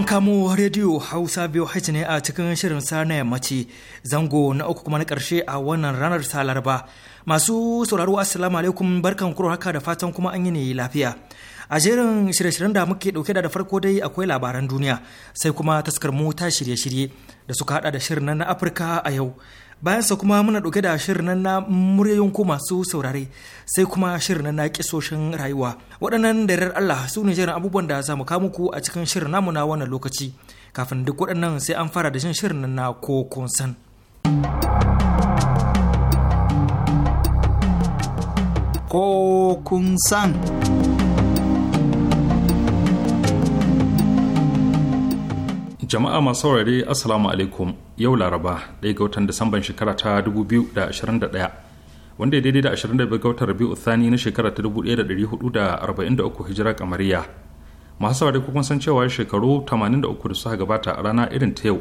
An kamo rediyo Hausa biyu haiti ne a cikin shirin sa na yammaci zango na uku kuma na karshe a wannan ranar ta laraba. Masu sauraro assalamu alaikum barkan kuro haka da fatan kuma an yi ne lafiya. A jerin shirye-shiryen da muke ɗauke da farko dai akwai labaran duniya sai kuma taskar mu ta shirye-shirye da suka hada da shirin na Afirka a yau. bayan sa kuma muna ɗauke da shirin nan na muryoyin ku masu saurare sai kuma shirin nan na kisoshin rayuwa waɗannan da Allah su ne jiran abubuwan da za mu kawo muku a cikin shirin namu na wannan lokaci kafin duk waɗannan sai an fara da shin shirin nan na ko san. Ko kun san. jama'a masu saurare assalamu alaikum yau laraba ɗaya ga watan disamban shekara ta 2021 wanda ya daidai da 25 ga watan rabi'u thani na shekara ta 1443 hijira kamariya masu saurare kuma san cewa shekaru 83 da suka gabata a rana irin ta yau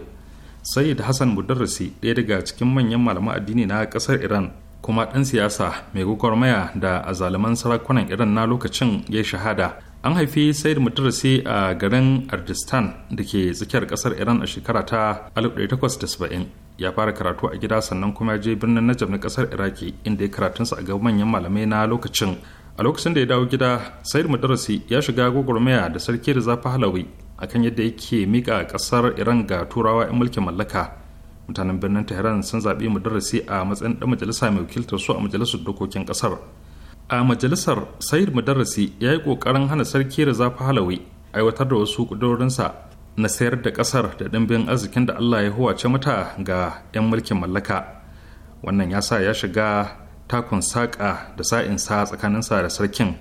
sayyid hassan mudarrisi ɗaya daga cikin manyan malaman addini na ƙasar iran kuma ɗan siyasa mai gwagwarmaya da azaliman sarakunan iran na lokacin ya shahada an haifi sayid mutarasi a garin ardistan da ke tsakiyar kasar iran a shekara ta 1870 ya fara karatu a gida sannan kuma ya je birnin najab na kasar iraki inda ya karatunsa a gaban manyan malamai na lokacin a lokacin da ya dawo gida sayid madarasi ya shiga gwagwarmaya da sarki da zafi halawi akan yadda yake mika kasar iran ga turawa 'yan mulkin mallaka mutanen birnin tehran sun zaɓi mudarasi a matsayin ɗan majalisa mai wakiltar su a majalisar dokokin ƙasar a majalisar sayid madarasi ya yi kokarin hana sarki da zafi halawi aiwatar da wasu kudurorinsa na sayar da kasar da ɗimbin arzikin da allah ya huwace mata ga 'yan mulkin mallaka wannan ya sa ya shiga takun saƙa da sa sa'in tsakanin tsakaninsa da sarkin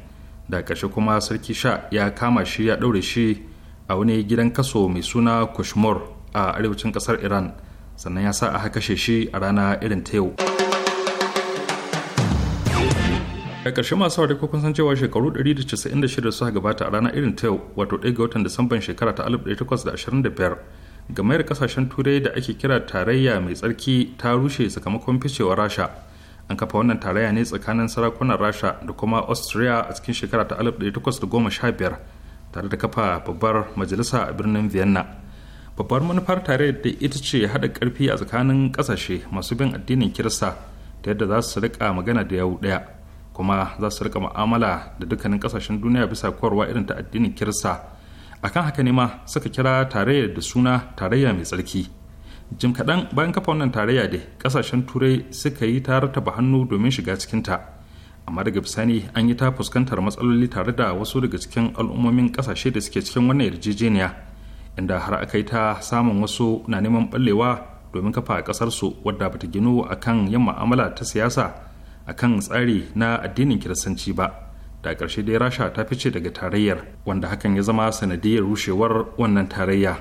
da ƙarshe kuma sarki sha ya kama shi ya ɗaure shi a wani gidan kaso mai suna kushmor a arewacin ƙasar iran sannan ya sa aka kashe shi a rana irin ta yau. a ƙarshe masu ko kun san cewa shekaru 196 suka gabata a ranar irin ta yau wato ɗaya ga watan disamban shekara ta 1825 gamayar kasashen turai da ake kira tarayya mai tsarki ta rushe sakamakon ficewar rasha an kafa wannan tarayya ne tsakanin sarakunan rasha da kuma austria a cikin shekara ta 1815 tare da kafa babbar majalisa a birnin vienna babbar manufar tarayyar da ita ce haɗa ƙarfi a tsakanin ƙasashe masu bin addinin kirista ta yadda za su riƙa magana da yawu ɗaya kuma za su rika mu'amala da dukkanin kasashen duniya bisa korwa irin ta addinin kirsa akan haka ne ma suka kira tarayya da suna tarayya mai tsarki jim kaɗan bayan kafa wannan tarayya da kasashen turai suka yi ta rataba hannu domin shiga cikin ta amma daga bisani an yi ta fuskantar matsaloli tare da wasu daga cikin al'ummomin kasashe da suke cikin wannan yarjejeniya inda har aka yi ta samun wasu na neman ballewa domin kafa a ƙasarsu wadda bata ginu akan yin mu'amala ta siyasa akan tsari na addinin kiristanci ba da ƙarshe dai rasha ta fice daga tarayyar wanda hakan ya zama sanadiyar rushewar wannan tarayya.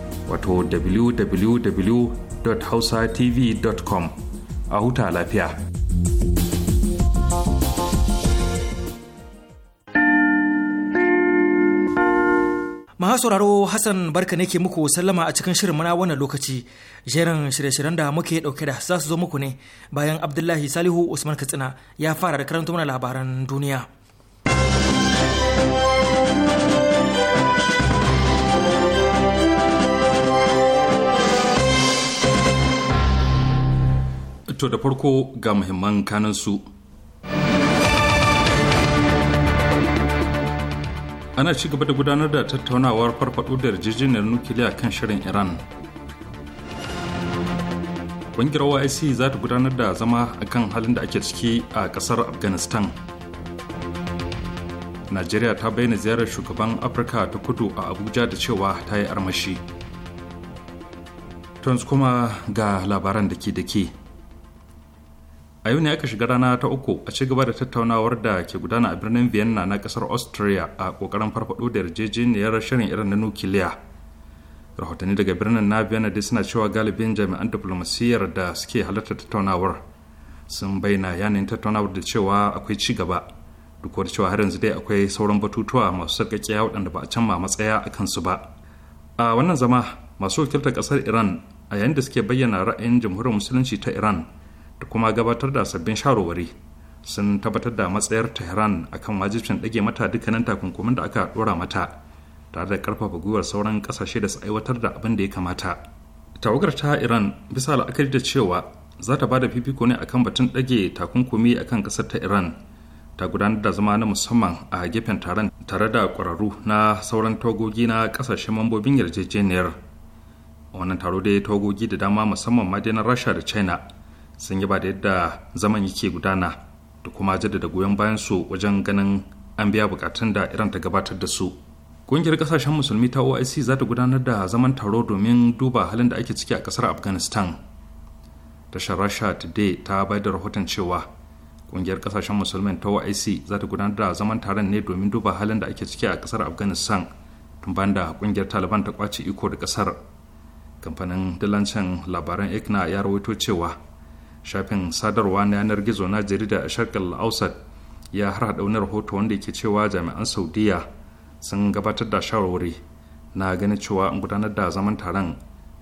wato www.hausatv.com a huta lafiya. Maha sauraro Hassan barka ne ke muku sallama a cikin shirin mana wannan lokaci. Jerin shirye-shiryen da muke dauke da za su zo muku ne bayan Abdullahi Salihu Usman Katsina ya fara da karanta mana labaran duniya. To da farko ga muhimman kanansu. Ana ci gaba da gudanar da tattaunawar farfaɗo da yarjejeniyar nukiliya kan shirin Iran. Ƙungiyar OIC za ta gudanar da zama a kan halin da ake ciki a ƙasar Afghanistan. Najeriya ta bayyana ziyarar shugaban Afirka ta kudu a Abuja da cewa ta yi armashi. Tons kuma ga labaran da ke da ke. a yau ne aka shiga rana ta uku a ci gaba da tattaunawar da ke gudana a birnin vienna na kasar austria a kokarin farfado da yarjejeniyar shirin irin na nukiliya rahotanni daga birnin na vienna dai suna cewa galibin jami'an diplomasiyyar da suke halartar tattaunawar sun bayyana yanayin tattaunawar da cewa akwai ci gaba duk da cewa har yanzu dai akwai sauran batutuwa masu sarƙaƙiya waɗanda ba a canma matsaya a kansu ba a wannan zama masu wakiltar kasar iran a yayin da suke bayyana ra'ayin jamhuriyar musulunci ta iran da kuma gabatar da sabbin shawarwari sun tabbatar da matsayar tehran akan wajibcin dage mata dukkanin takunkumin da aka ɗora mata tare da ƙarfafa gwiwar sauran ƙasashe da su aiwatar da abin da ya kamata tawagar ta iran bisa la'akari da cewa za ta ba da fifiko ne akan batun ɗage takunkumi akan ƙasar ta iran ta gudanar da zama na musamman a gefen taron tare da ƙwararru na sauran tagogi na ƙasashen mambobin yarjejeniyar wannan taro dai tagogi da dama musamman ma rasha da china sun yaba da yadda zaman yake gudana da kuma jaddada goyon bayan su wajen ganin an biya bukatun da iran ta gabatar da su ƙungiyar ƙasashen musulmi ta oic za ta gudanar da zaman taro domin duba halin da ake ciki a ƙasar afghanistan tashar rasha today ta bayar da rahoton cewa ƙungiyar ƙasashen musulmin ta oic za ta gudanar da zaman taron ne domin duba halin da ake ciki a ƙasar afghanistan tun bayan da ƙungiyar taliban ta kwace iko da ƙasar kamfanin dalancin labaran ikna ya rawaito cewa shafin sadarwa na yanar gizo na jarida a sharkar ausat ya har haɗa wani rahoto wanda ke cewa jami'an saudiya sun gabatar da shawarwari na ganin cewa an gudanar da zaman taron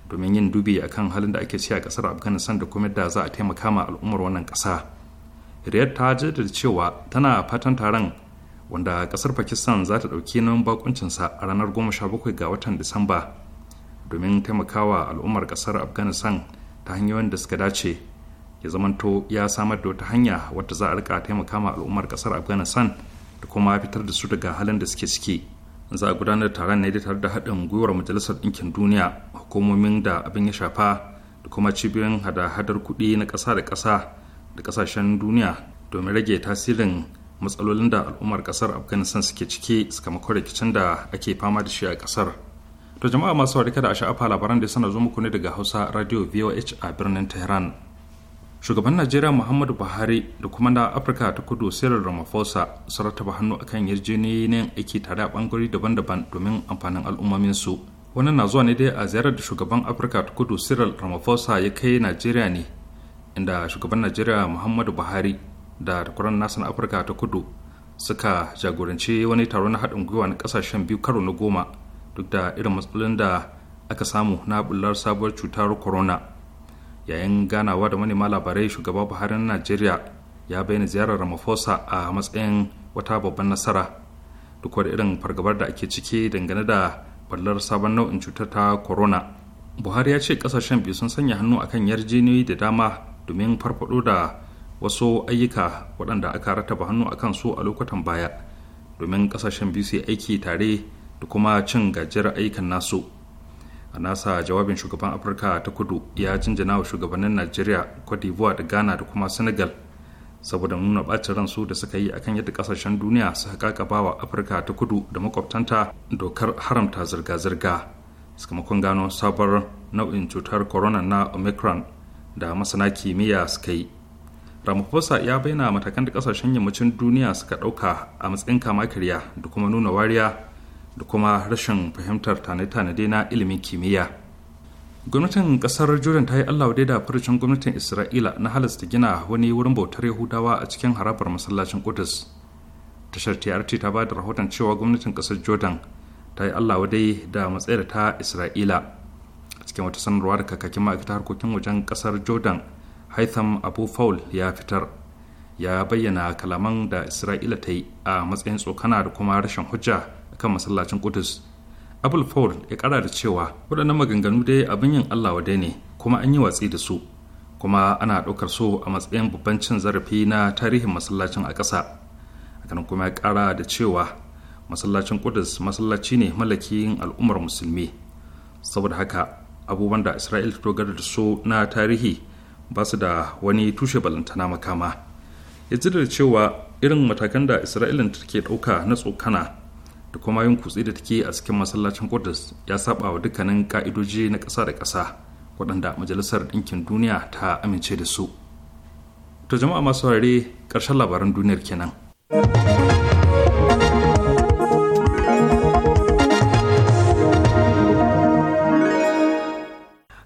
domin yin dubi akan halin da ake ci a kasar afghanistan da kuma da za a taimaka ma al'ummar wannan ƙasa riyad ta jaddada cewa tana fatan taron wanda ƙasar pakistan za ta ɗauki nan bakuncinsa a ranar goma sha bakwai ga watan disamba domin taimakawa al'ummar ƙasar afghanistan ta hanyoyin da suka dace ya zamanto ya samar da wata hanya wadda za a rika taimaka ma al'ummar kasar afghanistan da kuma fitar da su daga halin da suke ciki za a gudanar taron ne da tare da haɗin gwiwar majalisar ɗinkin duniya hukumomin da abin ya shafa da kuma cibiyoyin hada-hadar kuɗi na ƙasa da ƙasa da ƙasashen duniya domin rage tasirin matsalolin da al'ummar ƙasar afghanistan suke ciki sakamakon rikicin da ake fama da shi a ƙasar to jama'a masu warika da a sha'afa labaran da sana zo muku ne daga hausa radio voh a birnin tehran shugaban najeriya muhammadu buhari da kuma na afirka ta kudu sirar ramaphosa su rataba hannu akan yarjejeniyoyin aiki tare a bangare daban-daban domin amfanin al'ummomin su wannan na zuwa ne dai a ziyarar da shugaban afirka ta kudu sirar ramaphosa ya kai najeriya ne inda shugaban najeriya muhammadu buhari da takwaran nasan afirka ta kudu suka jagoranci wani taro na haɗin gwiwa na ƙasashen biyu karo na goma duk da irin matsalolin da aka samu na bular sabuwar cutar corona yayin ganawa da manema labarai shugaba buhari na najeriya ya bayyana ziyarar ramaphosa a matsayin wata babban nasara duk da irin fargabar da ake ciki dangane da ballar sabon nau'in cutar ta corona buhari ya ce kasashen biyu sun sanya hannu akan yarjejeniyoyi da dama domin farfado da wasu ayyuka waɗanda aka rataba hannu akan su a lokutan baya domin kasashen biyu su yi aiki tare da kuma cin gajiyar ayyukan nasu a nasa jawabin shugaban afirka ta kudu ya jinjina wa shugabannin najeriya cote d'ivoire da ghana da kuma senegal saboda nuna bacin ransu da suka yi akan yadda kasashen duniya suka kakaba wa afirka ta kudu da makwabtanta dokar haramta zirga-zirga sakamakon gano sabon nau'in cutar corona na omicron da masana kimiyya suka yi ramaphosa ya bayyana matakan da kasashen yammacin duniya suka ɗauka a matsayin kama karya da kuma nuna wariya da kuma rashin fahimtar tanade-tanade na ilimin kimiyya gwamnatin kasar jordan ta yi allah da furucin gwamnatin isra'ila na halasta gina wani wurin bautar yahudawa a cikin harabar masallacin kudus tashar trt ta ba da rahoton cewa gwamnatin kasar jordan ta yi allah dai da matsayar ta isra'ila A cikin wata sanarwa da kakakin ma'aikatar harkokin wajen kasar jordan haitham abu faul ya fitar ya bayyana kalaman da isra'ila ta yi a matsayin tsokana da kuma rashin hujja kan masallacin Kudus. Abul Ford ya kara da cewa waɗannan maganganu dai abin yin Allah wa ne kuma an yi watsi da su kuma ana ɗaukar su a matsayin babban cin zarafi na tarihin masallacin a ƙasa. Hakan kuma ya kara da cewa masallacin ƙudus masallaci ne mallakin al'ummar musulmi. Saboda haka abubuwan da Isra'il ta dogara da su na tarihi ba su da wani tushe balantana makama. Ya da cewa irin matakan da isra'ilin take ɗauka na tsokana da kuma yin kutse da take a cikin masallacin Qudus ya saba wa dukkanin ka'idoji na ƙasa da ƙasa waɗanda majalisar ɗinkin duniya ta amince da su. To jama'a masu saurare ƙarshen labaran duniyar kenan.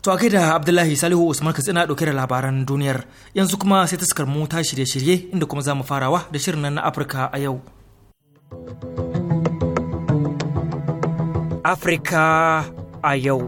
To a da Abdullahi Salihu Usman Katsina ɗauke da labaran duniyar yanzu kuma sai ta mu ta shirye-shirye inda kuma za mu farawa da shirin nan na Afirka a yau. Afirka a yau.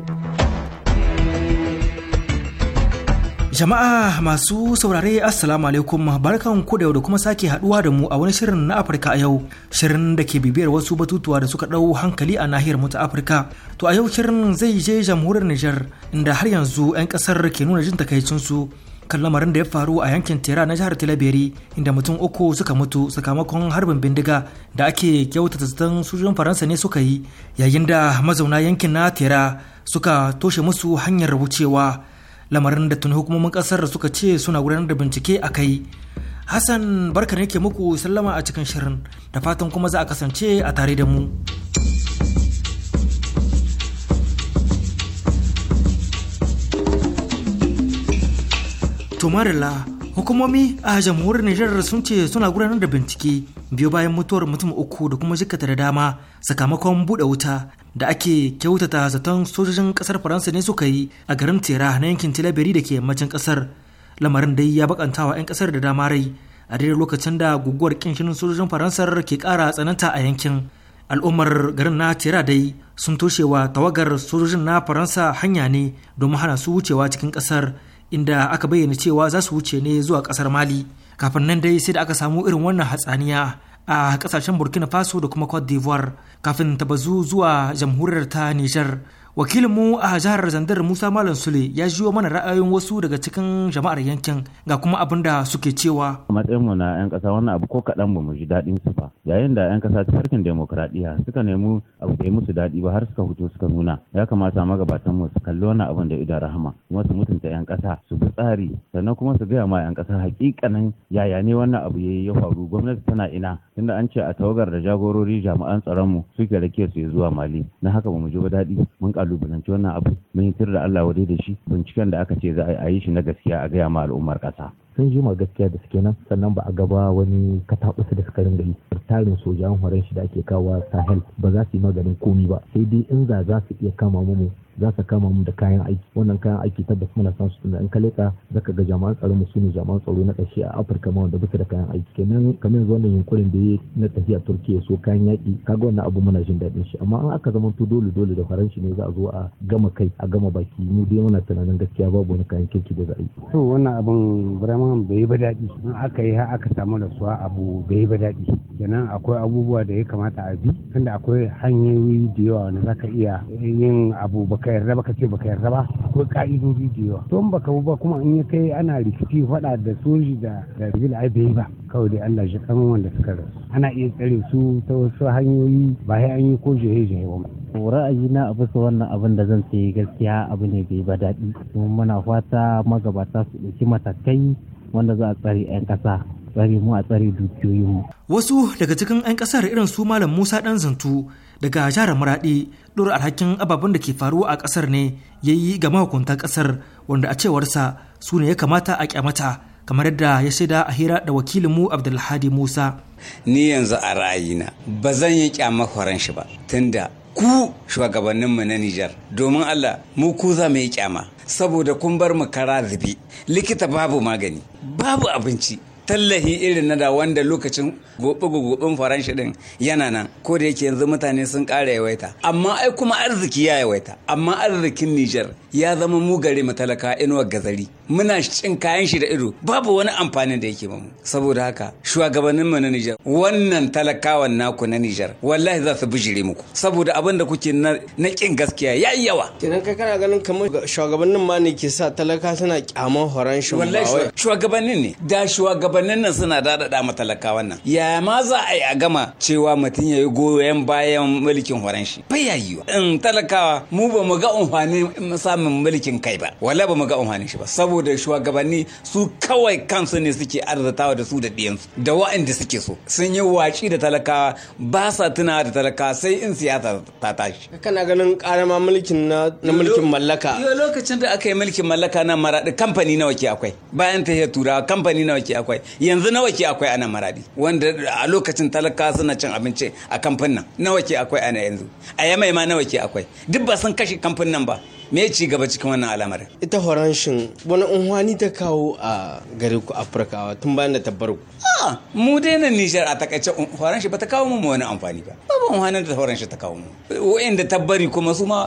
Jama'a masu saurare Assalamu alaikum barkan ku da yau da kuma sake haduwa da mu a wani shirin na Afirka a yau shirin da ke bibiyar wasu batutuwa da suka ɗau hankali a nahiyar mu ta Afirka to a yau shirin zai je jamhuriyar Nijar inda har yanzu 'yan ƙasar ke nuna jin takaicinsu kan lamarin da ya faru a yankin tera na jihar talabiri inda mutum uku suka mutu sakamakon harbin bindiga da ake kyauta zaton sojojin faransa ne suka yi yayin da mazauna yankin na tera suka toshe musu hanyar wucewa lamarin da tuni hukumomin kasar suka ce suna gudanar da bincike a kai hassan barka ne ke muku sallama a cikin shirin da fatan kuma za a kasance a tare da mu. To marilla hukumomi a jamhuriyar Nijar sun ce suna gudanar da bincike biyo bayan mutuwar mutum uku da kuma jikata da dama sakamakon buɗe wuta da ake kyautata zaton sojojin ƙasar Faransa ne suka yi a garin Tera na yankin Tilaberi da ke yammacin ƙasar. Lamarin dai ya bakantawa 'yan ƙasar da dama rai a daidai lokacin da guguwar kinshinin sojojin faransa ke kara tsananta a yankin. al'ummar garin na tera dai sun toshewa tawagar sojojin na faransa hanya ne domin hana su wucewa cikin ƙasar inda aka bayyana cewa za su wuce ne zuwa kasar mali kafin nan dai sai da aka samu irin wannan hatsaniya a kasashen burkina faso da kuma cote d'ivoire kafin ta bazu zuwa jamhuriyar ta Nijar. wakilinmu a jihar zandar musa malam sule ya jiwo mana ra'ayoyin wasu daga cikin jama'ar yankin ga kuma abin da suke cewa matsayinmu na 'yan kasa wannan abu ko kaɗan ba mu ji daɗin su ba yayin da 'yan kasa ta farkin demokuraɗiyya suka nemi abu da musu daɗi ba har suka hutu suka nuna ya kamata magabatan mu su kalli wannan abin da ida rahama kuma su mutunta 'yan kasa su bi tsari sannan kuma su gaya ma 'yan kasa hakikanin yaya ne wannan abu ya faru gwamnati tana ina tunda an ce a tawagar da jagorori jami'an tsaron mu suke rake su zuwa mali na haka ba mu ji ba daɗi mun kalubalanci wannan abu mun yi da Allah wadai da shi binciken da aka ce za a yi shi na gaskiya a gaya ma al'ummar ƙasa. sun ji jima gaskiya da suke nan sannan ba a gaba wani kataɓusa da suka ringa yi tarin sojan horon shi da ake kawo sahel ba za su yi maganin komi ba sai dai in za za su iya kama mu za su kama mu da kayan aiki wannan kayan aiki tabbas mana san su tunda in ka leka zaka ga jama'an tsaro mu sune jama'an tsaro na ƙarshe a Afirka ma wanda bisa da kayan aiki kenan kamar yanzu wannan yunkurin da yayi na tafiya Turkiya so kayan yaki kaga wannan abu muna jin daɗin shi amma an aka zama to dole dole da faranshi ne za a zo a gama kai a gama baki mu dai muna tunanin gaskiya babu wani kayan kirki da za a yi to wannan abun vraiment bai yi ba daɗi in aka yi har aka samu da suwa abu bai yi ba daɗi kenan akwai abubuwa da ya kamata a bi tunda akwai hanyoyi da yawa wanda zaka iya yin abu ba baka yarda baka ce baka yarda ba akwai ka'idodi da yawa to baka ba kuma in ya kai ana rikici faɗa da soji da da bil ai ba kawai dai Allah shi kan wanda suka rasu ana iya tsare su ta wasu hanyoyi ba sai an yi ko jehe jehe ba ra'ayina a su wannan abin da zan ce gaskiya abu ne bai ba daɗi kuma muna fata magabata su ɗauki matakai wanda za a tsare 'yan ƙasa tsare mu a tsare dukiyoyinmu wasu daga cikin 'yan ƙasar irin su malam musa ɗan zantu daga jihar maradi dora alhakin ababen da ke faruwa a ƙasar ne ya yi ga mahukuntan ƙasar wanda a cewarsa su ne ya kamata a kyamata kamar yadda ya shaida a hira da wakilinmu abdulhadi musa ni yanzu a rayina ba zan yi kyamar horon shi ba tunda ku shugabanninmu na Nijar domin Allah mu ku za mu yi kyama saboda kun bar mu kara zubi likita babu magani babu abinci tallahi irin na da wanda lokacin gobe gobe faranshi din yana nan ko da yake yanzu mutane sun ƙara yawaita amma ai kuma arziki ya yawaita amma arzikin Nijar ya zama mu gare mu talaka inuwa gazari muna cin kayan shi da ido babu wani amfanin da yake mamu saboda haka shugabannin mu na Nijar wannan talakawan naku na Nijar wallahi za su bijire muku saboda abin da kuke na kin gaskiya yayi yawa kenan kai kana ganin kamar shugabannin ma ne ke sa talaka suna kyaman horan shi wallahi shugabannin ne da shugabannin nan suna dadada ma talakawan nan ya ma za a yi a gama cewa mutun yayi goyen goyon bayan mulkin horan shi fa yayi in talakawa mu ba mu ga amfani samun samun mulkin kai ba wala ba mu ga amfanin shi ba saboda shugabanni su kawai kansu ne suke arzatawa da su da diyansu. da wa'anda suke so sun yi watsi da talakawa ba sa tunawa da talakawa sai in siyasa ta tashi kana ganin karama mulkin na mulkin mallaka yo lokacin da aka yi mulkin mallaka na maradi kamfani nawa ke akwai bayan ta ya turawa kamfani nawa ke akwai yanzu nawa ke akwai ana maradi wanda a lokacin talakawa suna cin abinci a kamfanin nawa ke akwai ana yanzu a yamai ma nawa ke akwai duk ba sun kashe kamfanin ba me ci gaba cikin wannan al'amarin ita shi wani unhwani ta kawo a gare ku afirkawa tun bayan da tabbar ku mu dai nan nijar a takaice shi ba ta kawo mu wani amfani ba babu unhwanin da shi ta kawo mu wa'anda tabbari kuma su ma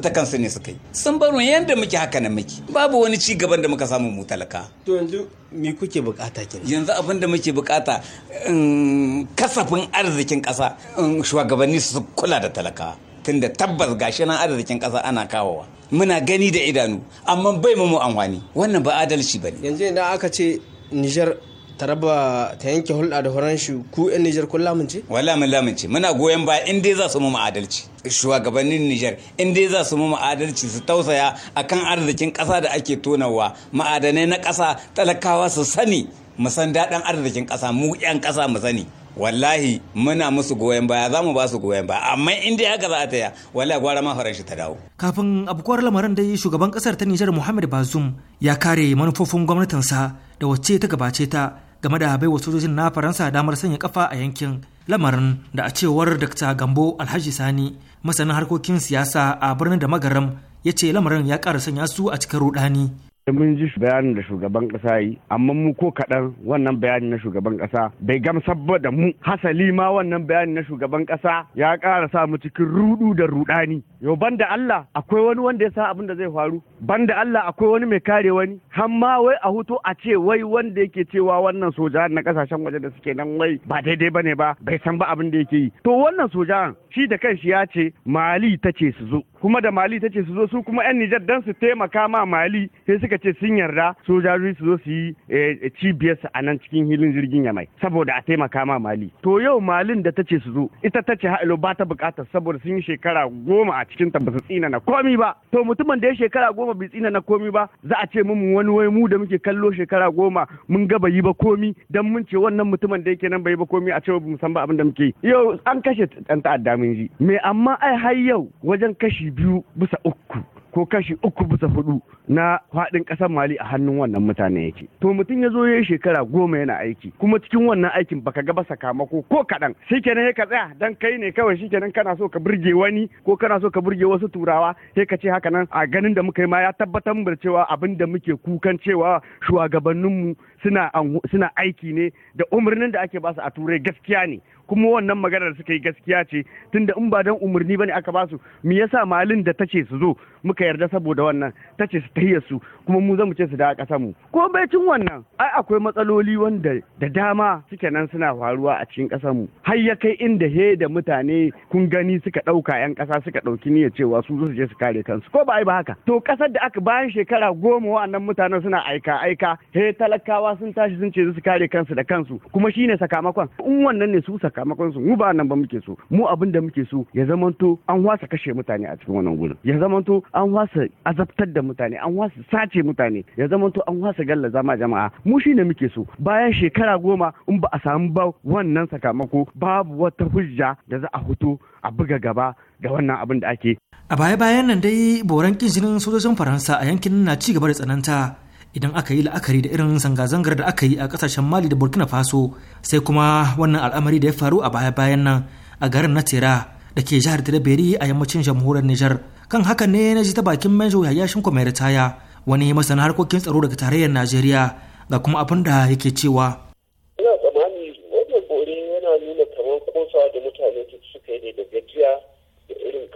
ta kansu ne suka yi sun baro yanda muke haka nan muke babu wani ci gaban da muka samu mu talaka to yanzu me kuke bukata kenan yanzu abin da muke bukata um, kasafin arzikin kasa um, shugabanni su kula da talaka tunda tabbas gashi nan arzikin ƙasa ana kawowa muna gani da idanu amma bai mu amfani wannan ba adalci bane yanzu idan aka ce Niger ta raba ta yanke hulɗa da horon shi ku yan Nijar kun lamunce? Wala mun lamunce muna goyon baya in dai za su mu adalci. Shugabannin Nijar in dai za su mu adalci su tausaya akan arzikin ƙasa da ake tonawa ma'adanai na ƙasa talakawa su sani mu san daɗin arzikin ƙasa mu 'yan ƙasa mu sani. wallahi muna musu goyon baya za mu ba su goyon baya amma in dai haka za a taya wallahi gwara ma shi ta dawo kafin abukuwar lamarin dai shugaban kasar ta Nijar Muhammad Bazoum ya kare manufofin gwamnatinsa da wacce ta gabace ta game da baiwa sojojin na Faransa damar sanya kafa a yankin lamarin da a cewar Dr. Gambo Alhaji Sani masanin harkokin siyasa a birnin da magaram ya ce lamarin ya ƙara sanya su a cikin rudani mun ji bayanin da shugaban kasa yi amma mu ko kaɗan wannan bayanin na shugaban kasa bai gamsar da mu hasali ma wannan bayanin na shugaban kasa ya ƙara sa mu cikin rudu da rudani yau banda Allah akwai wani wanda ya sa abin da zai faru banda Allah akwai wani mai kare wani har ma wai a huto a ce wai wanda yake cewa wannan sojan na kasashen waje da suke nan wai ba daidai bane ba bai san ba abin da yake yi to wannan sojan shi da kanshi ya ce mali ta ce su zo kuma da mali ta ce su zo su kuma yan nijar dan su taimaka ma mali sai suka ce sun yarda sojaji su zo su yi eh, cibiyar su a nan cikin hilin jirgin yamai saboda a taimaka ma mali to yau malin da ta ce su zo ita ta ce ha'ilo ba ta bukatar saboda sun yi shekara goma a cikin ta ba su tsina na komi ba to mutumin da ya shekara goma bai tsina na komi ba za a ce mun wani wai mu da muke kallo shekara goma mun ga bai yi ba komi dan mun ce wannan mutumin da yake nan bai yi ba komi a ce mu san ba abin da muke yi yau an kashe ɗan ta'adda mun yi. me amma ai har yau wajen kashi biyu bisa uku ko kashi uku bisa hudu na faɗin ƙasar mali a hannun wannan mutane yake to mutum ya zo ya shekara goma yana aiki kuma cikin wannan aikin baka gaba sakamako ko kaɗan shikenan ya ka tsaya dan kai ne kawai shikenan kana so ka burge wani ko kana so ka burge wasu turawa sai ka ce haka nan a ganin da muka yi ma ya tabbatar mu da cewa abin da muke kukan cewa shugabanninmu suna suna aiki ne da umarnin da ake ba su a turai gaskiya ne kuma wannan maganar da suka yi gaskiya ce tunda in ba don umarni bane aka basu me yasa malin da tace su zo muka yarda saboda wannan tace su tahiyar su kuma mu zamu ce su da ƙasar mu ko baicin wannan ai akwai matsaloli wanda da dama suke nan suna faruwa a cikin ƙasar mu har ya kai inda he da mutane kun gani suka ɗauka yan ƙasa suka ɗauki niyyar cewa su zo su je su kare kansu ko ba ai ba haka to ƙasar da aka bayan shekara goma wa'annan mutanen suna aika aika he talakawa sun tashi sun ce su kare kansu da kansu kuma shine sakamakon in wannan ne su sakamakon su mu ba nan ba muke so mu abin da muke so ya zamanto an wasa kashe mutane a cikin wannan gurin ya zamanto an wasa azabtar da mutane an wasa sace mutane ya zamanto an wasa galla zama jama'a mu shi ne muke so bayan shekara goma in ba a samu ba wannan sakamako babu wata hujja da za a fito a buga gaba ga wannan abin da ake a baya-bayan nan dai boran kin sojojin faransa a yankin na ci gaba da tsananta idan aka yi la'akari da irin zanga-zangar da aka yi a kasashen mali da burkina faso sai kuma wannan al'amari da ya faru a baya-bayan nan a garin na tera da ke jihar tilaberi a yammacin jamhuriyar nijar kan haka ne na ji ta bakin manjo yaya shinko mai ritaya wani masana harkokin tsaro daga tarayyar najeriya ga kuma abin da yake cewa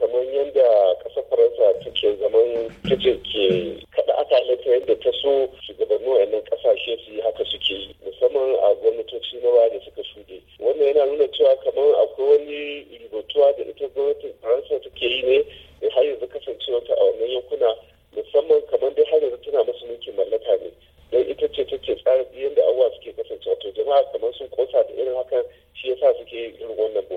kamar yadda kasar faransa take zaman take ke kada akalata yadda ta so shugabannin wayannan kasashe su yi haka suke yi musamman a gwamnatoci na baya da suka shuɗe wannan yana nuna cewa kamar akwai wani rubutuwa da ita gwamnatin faransa take yi ne da har yanzu ta a wannan yankuna musamman kamar dai har yanzu tana masu mulkin mallaka ne don ita ce take tsara da abubuwa suke kasancewa to jama'a kamar sun kosa da irin hakan shi yasa suke irin wannan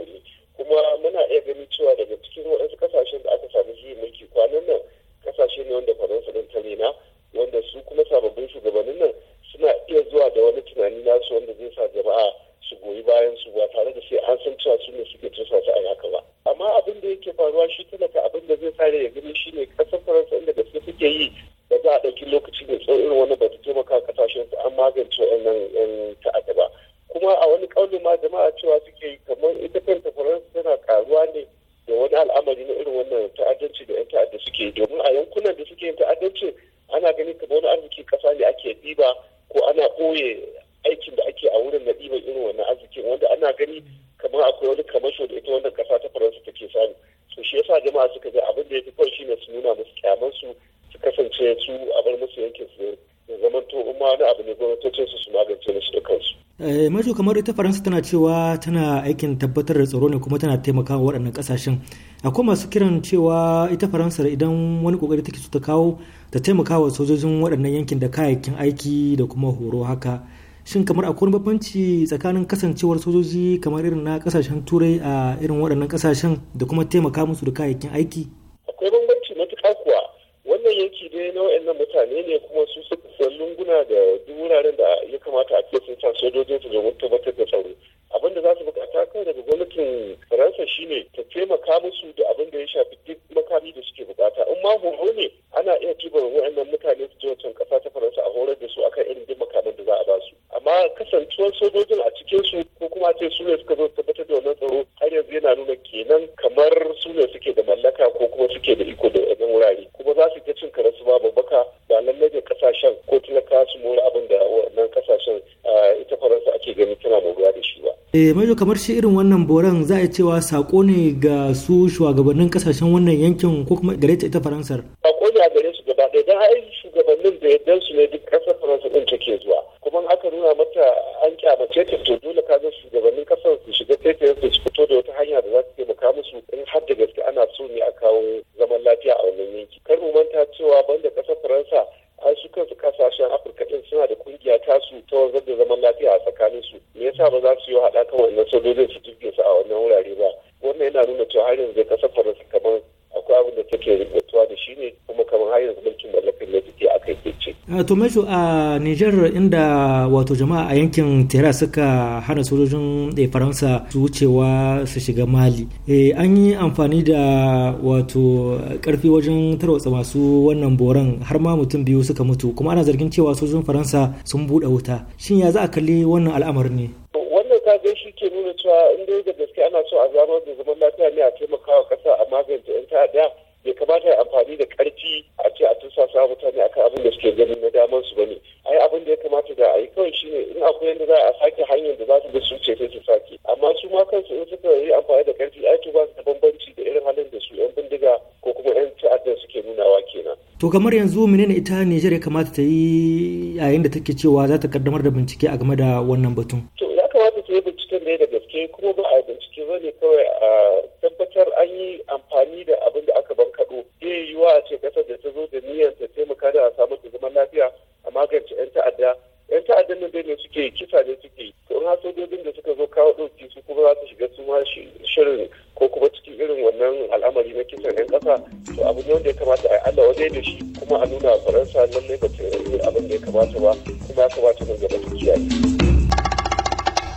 kamar ita faransa tana cewa tana aikin tabbatar da tsaro ne kuma tana taimakawa waɗannan ƙasashen akwai masu kiran cewa ita faransa idan wani ƙoƙari take so ta kawo ta taimakawa sojojin waɗannan yankin da kayayyakin aiki da kuma horo haka shin kamar akwai wani bambanci tsakanin kasancewar sojoji kamar irin na kasashen turai a irin waɗannan kasashen da kuma taimaka musu da kayayyakin aiki suke da iko da wajen wurare kuma za su ta cin karansu su babbaka ba da da kasashen ko talaka su mora abin da wannan kasashen ita faransa ake gani tana moruwa da shi ba. eh majo kamar shi irin wannan boran za a cewa sako ne ga su shugabannin kasashen wannan yankin ko kuma gare ta ita faransar. wato a niger inda wato jama'a a yankin tera suka hana sojojin da eh, faransa su wucewa su shiga mali eh, an yi amfani da wato karfi wajen tarwatsa masu wannan boran har ma mutum biyu suka mutu kuma ana zargin cewa sojojin faransa sun buɗe wuta shin ya za a kalli wannan al'amarin ne kamar yanzu menene ita Nijar ya kamata ta yi yayin da take cewa za ta kaddamar da bincike a game da wannan batun? shi kuma a nuna faransa lallai ba ta yi abin da ya kamata ba kuma ya kamata ta gaba ta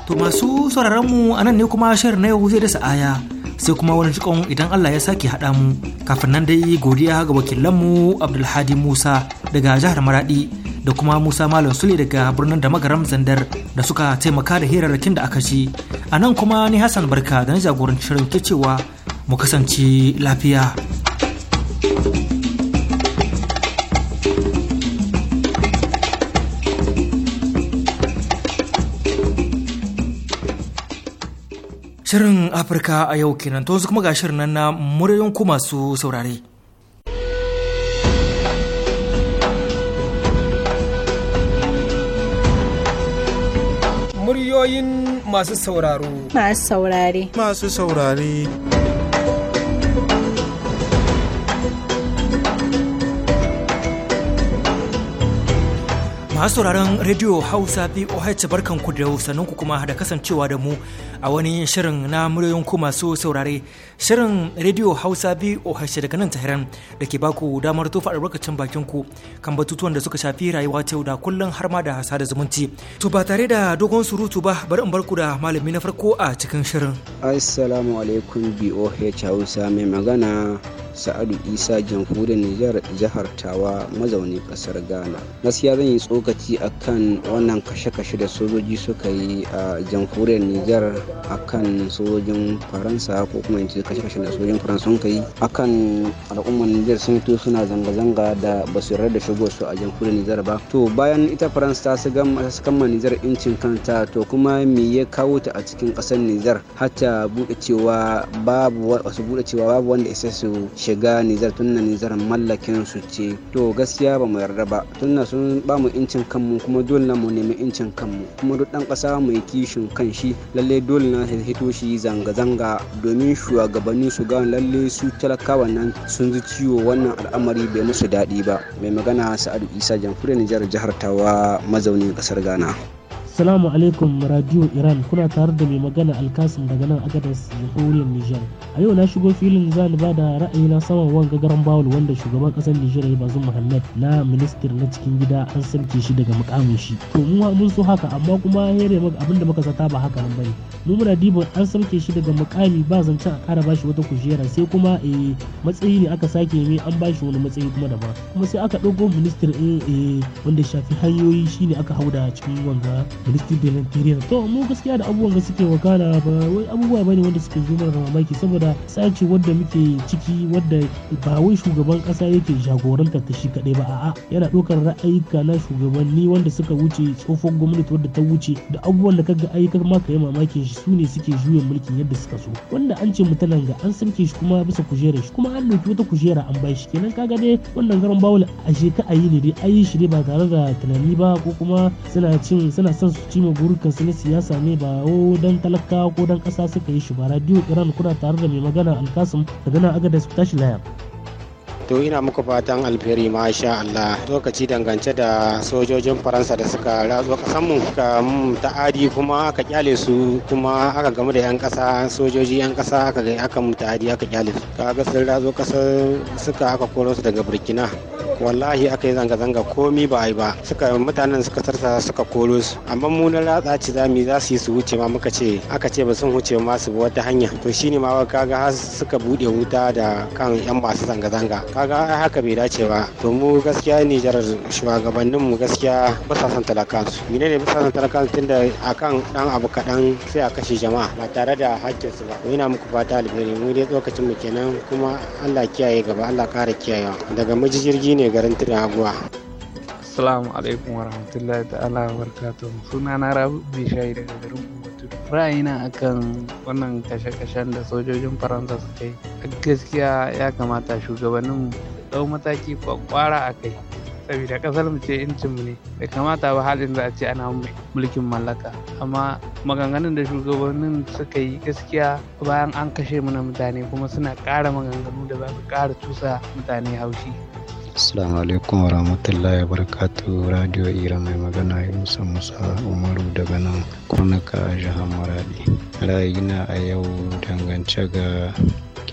to masu sauraron mu a nan ne kuma shirin na yau zai dasa aya sai kuma wani jikon idan Allah ya sake haɗa mu kafin nan dai godiya ga wakilanmu abdulhadi musa daga jihar maradi da kuma musa malam sule daga birnin da magaram zandar da suka taimaka da hirarrakin da aka ci a nan kuma ni hassan barka da na jagorancin shirin ke cewa mu kasance lafiya Shirin Afirka a yau kenan to yanzu kuma ga shirin nan na muryoyin ku masu saurare. Muryoyin masu sauraro. Masu saurare. Masu saurare. masu sauraron rediyo hausa voh barkanku da ku kuma da kasancewa da mu a wani shirin na muryoyin ku masu saurare shirin rediyo hausa BOH daga nan tahiran da ke baku damar tofa albarkacin bakin ku kan batutuwan da suka shafi rayuwa ta da kullum har ma da hasa da zumunci to ba tare da dogon surutu ba bari in barku da malami na farko a cikin shirin assalamu alaikum BOH hausa mai magana sa'adu isa jamhuriyar nijar jihar tawa mazaunin kasar ghana gaskiya zan yi tsoka a akan wannan kashe-kashe da sojoji suka yi a jamhuriyar niger akan sojojin faransa ko kuma yanci kashe-kashe da sojojin faransa sun kai akan al'ummar niger sun to suna zanga-zanga da ba su yarda da shigo su a jamhuriyar niger ba to bayan ita faransa ta su kama niger incin kanta to kuma me ya kawo ta a cikin kasar niger hatta buɗe cewa babu wasu buɗe cewa babu wanda isa su shiga niger na niger mallakin su ce to gaskiya ba mu yarda ba tun na sun ba mu incin kanmu kuma dole na mu nemi incin kanmu kuma duk ɗan ƙasa mai kishin kan shi lallai dole na hito shi zanga-zanga domin shugabanni su ga lalle su talakawa nan sun ji ciwo wannan al'amari bai musu daɗi ba mai magana sa'adu isa jamhuriyar nijar jihar tawa mazaunin kasar ghana salamu alaikum Radio Iran kuna tare da mai magana alkasin daga nan Agadas Jamhuriyar Nijar. A yau na shigo filin zan ba da ra'ayina saman wanga garan bawul wanda shugaban kasar Nijar ya bazu Muhammad na minister na cikin gida an sarke shi daga mukamin shi. To mu mun so haka amma kuma here abin abinda muka sata ba haka bane. Mu muna dibon an sarke shi daga mukami ba zance a kara bashi wata kujera sai kuma eh matsayi ne aka sake mai an bashi wani matsayi kuma daban. Kuma sai aka ɗauko minister eh, eh wanda shafi hanyoyi shine aka hauda cikin wanga ministry da interior to mu gaskiya da abubuwan da suke wakala ba wai abubuwa bane wanda suke zo mana mamaki saboda sace wanda muke ciki wanda ba wai shugaban kasa yake jagoranta ta shi kadai ba a'a yana ɗaukar ra'ayika na shugabanni wanda suka wuce tsofon gwamnati wadda ta wuce da abubuwan da kaga ayyukan ma ka yi mamakin shi su ne suke juya mulkin yadda suka so wanda an ce mutanen ga an sarke shi kuma bisa kujerar shi kuma an ɗauki wata kujera an bai shi kenan kaga dai wannan garin bawul a ka ayi yi ne dai ayi shi dai ba tare da tunani ba ko kuma suna cin suna son su cima burukansu na siyasa ne ba o dan talakawa ko dan ƙasa suka yi shi ba radio iran kuna tare da mai magana alkasim daga nan su tashi laya to ina muku fatan alheri masha Allah lokaci dangance da sojojin Faransa da suka ratso kasan mu ka ta'adi kuma aka kyale su kuma aka gamu da yan kasa sojoji yan kasa aka ga aka mu ta'adi aka kyale su kaga sun ratso kasar suka aka koro su daga Burkina wallahi aka yi zanga-zanga komi ba a yi ba suka mutanen suka tarsa suka koro su amma mu na ratsa ci za za su yi su wuce ma muka ce aka ce ba sun wuce ma su wata hanya to shine ma kaga har suka bude wuta da kan yan masu zanga-zanga kaga haka bai dace ba to mu gaskiya Nijar shugabannin mu gaskiya ba sa son talakansu mine ne ba sa son talakansu tunda akan dan abu kaɗan sai a kashe jama'a ba tare da hakkinsu ba ina muku fata alheri mu dai tsokacin mu kenan kuma Allah kiyaye gaba Allah kare kiyaye daga majijirgi ne garin aguwa Assalamu alaikum warahmatullahi ta'ala wa barakatuhu sunana Rabi Bishai daga garin Umbatu ra'ayina akan wannan kashe-kashen da sojojin faransa suka yi gaskiya ya kamata shugabannin ɗau mataki kwakwara a kai saboda ƙasar mu ce mu ne bai kamata ba halin za a ce ana mulkin mallaka amma maganganun da shugabannin suka yi gaskiya bayan an kashe mana mutane kuma suna ƙara maganganu da ba su ƙara cusa mutane haushi Assalamu alaikum wa rahmatullahi wa barakatu Radio Iran mai magana Yunusa Musa Umaru daga nan kurnuka a jihar Maradi. na a yau dangance ga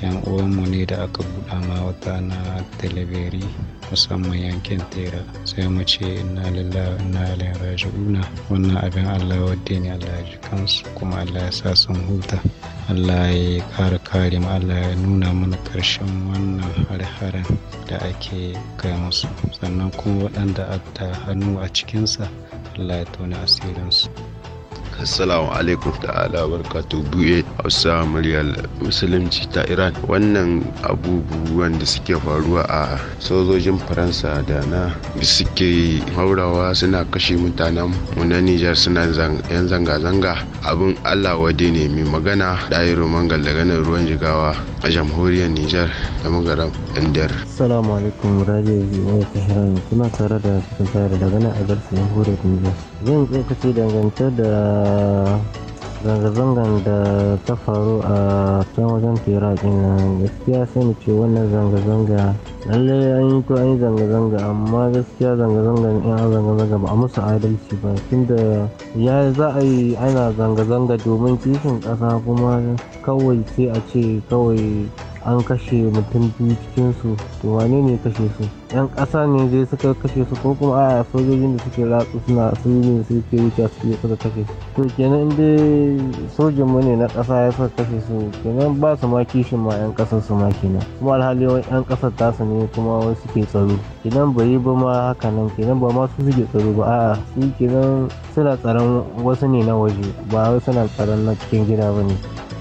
yan uwanmu ne da aka buɗa ma wata na Televeri musamman yankin tera sai mu ce inna lillahi inna ilaihi raji'una wannan abin Allah wadda ne Allah ya kansu kuma Allah ya sa sun huta Allah ya kare kare mu Allah ya nuna mana karshen wannan har-haren da ake kai musu sannan kuma waɗanda aka hannu a cikinsa Allah ya tona asirinsu assalamu alaikum alabar kato buye hausa muryar musulunci ta iran wannan abubuwan da suke faruwa a sojojin faransa da na suke haurawa suna kashe mutanen mu na nijar suna yan zanga-zanga abin allah wade ne mai magana ɗayiro mangal daga nan ruwan jigawa a jamhuriyar nijar da magaram indiyar assalamu alaikum radio biyu ta hiran kuna tare da cikin tare daga nan a garsu jamhuriyar nijar zan tsokaci dangantar da zanga-zangan da ta faru a can wajen tera nan gaskiya sai mu ce wannan zanga-zanga lalle an yi ko an yi zanga-zanga amma gaskiya zanga-zangan in an zanga-zanga ba a musu adalci ba tunda ya za a yi ana zanga-zanga domin kishin ƙasa kuma kawai sai a ce kawai an kashe mutum biyu cikinsu to wane ne kashe su yan kasa ne zai suka kashe su ko kuma a sojojin da suke ratsu suna su ne suke wuce su suka kashe to kenan inda sojin mu ne na ƙasa ya suka kashe su kenan ba su ma kishin ma yan ƙasar su ma kenan kuma alhali wani yan ta tasu ne kuma wani suke tsaro kenan bai yi ba ma haka nan kenan ba ma su suke tsaro ba a'a su kenan suna tsaron wasu ne na waje ba wai suna tsaron na cikin gida ba ne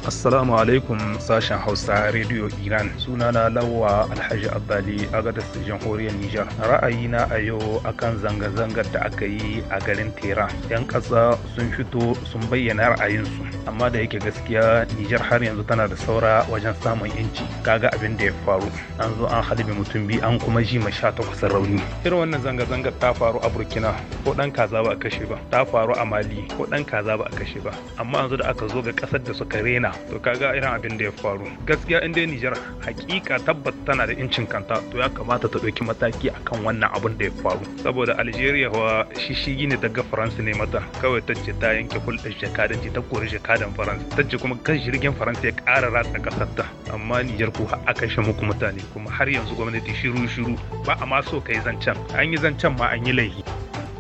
Assalamu alaikum sashen Hausa Radio Iran. Sunana lawa Alhaji Abbali a gadar jamhuriyar Nijar. Ra'ayina a yau akan zanga-zangar da aka yi a garin Tera. 'Yan ƙasa sun fito sun bayyana ra'ayinsu. Amma da yake gaskiya Nijar har yanzu tana da saura wajen samun yanci. Kaga abin da ya faru. An zo an halbe mutum biyu an kuma ji ma sha takwas rauni. Irin wannan zanga-zangar ta faru a Burkina ko ɗan kaza ba a kashe ba. Ta faru a Mali ko ɗan kaza ba a kashe ba. Amma yanzu da aka zo ga ƙasar da suka rena To to ga irin abin da ya faru gaskiya in dai Nijar hakika tabbat tana da incin kanta to ya kamata ta ɗauki mataki akan wannan abin da ya faru saboda Algeria wa shishigi ne daga Faransa ne mata kawai ta ce ta yanke hulɗar jakadanci ta kori jakadan France ta ce kuma kan jirgin Faransa ya ƙara ratsa ƙasar ta amma Nijar ko har aka shi muku mutane kuma har yanzu gwamnati shiru shiru ba a ma so kai zancen an yi zancen ma an yi laifi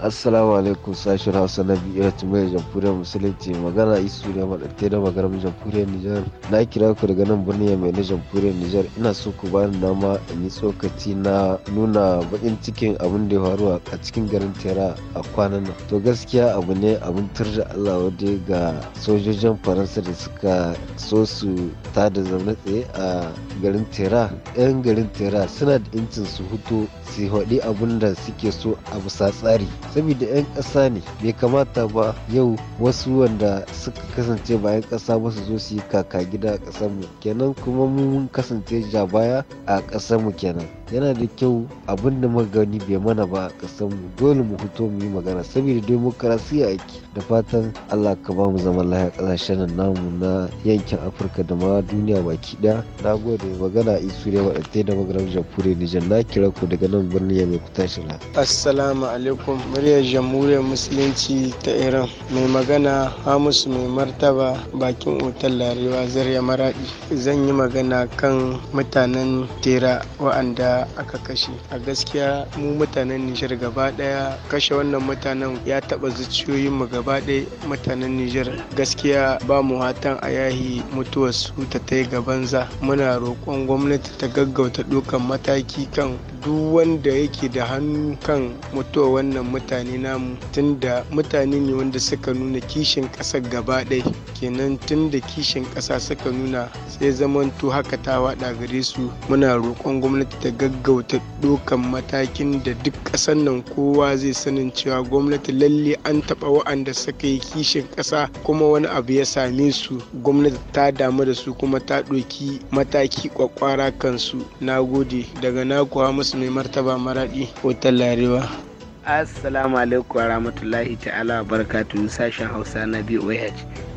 assalamu alaikum sashen hausa na biyar tumayar jamhuriyar musulunci magana isu ne maɗaɗe da magaram jamhuriyar nijar na kira ku daga nan birnin mai na jamhuriyar nijar ina so ku bani dama in yi tsokaci na nuna baƙin cikin abin da ya faru a cikin garin tera a kwanan nan to gaskiya abu ne abin da allah wadda ga sojojin faransa da suka so su ta da zaune tsaye a garin tera yan garin tera suna da incin su hutu su haɗi abin da suke so a bisa tsari saboda 'yan ƙasa ne bai kamata ba yau wasu wanda suka kasance ba 'yan ƙasa ba su zo su yi kaka gida a ƙasar mu kenan kuma mun kasance ja baya a ƙasar mu kenan yana da kyau abin da magani bai mana ba a mu dole mu fito mu yi magana saboda demokarasiya ake da fatan allah ka ba mu zaman lahiya nan namu na yankin afirka da ma duniya baki ɗaya na gode magana isu ne waɗanda da maganar jamhuriyar nijar na kira ku daga nan birnin ya ku kuta shi assalamu alaikum muryar jamhuriyar musulunci ta iran mai magana hamus mai martaba bakin otal larewa zarya maraɗi zan yi magana kan mutanen tera wa'anda aka kashe a gaskiya mu mutanen nijar gaba daya kashe wannan mutanen ya taba zuciyoyin mu gaba daya mutanen nijar gaskiya ba mu hatan a yahi mutuwar su ta ta'i gabanza muna roƙon gwamnati ta gaggauta dukan mataki kan duk wanda yake da hannu kan mutuwa wannan mutane namu tunda mutane ne wanda suka nuna kishin ƙasa gaba ɗaya kenan da kishin ƙasa suka nuna sai zamanto haka ta waɗa gare su muna roƙon gwamnati ta gaggauta ɗaukan matakin da duk ƙasar nan kowa zai sanin cewa gwamnati lalle an taɓa wa'anda suka yi kishin ƙasa kuma wani abu ya same su gwamnati ta damu da su kuma ta ɗauki mataki ƙwaƙwara kansu na gode daga naku hamus su mai martaba maraɗi hotel Larewa. Assalamu alaikum wa rahmatullahi ta'ala wa barakatuhu sashen Hausa na BOH.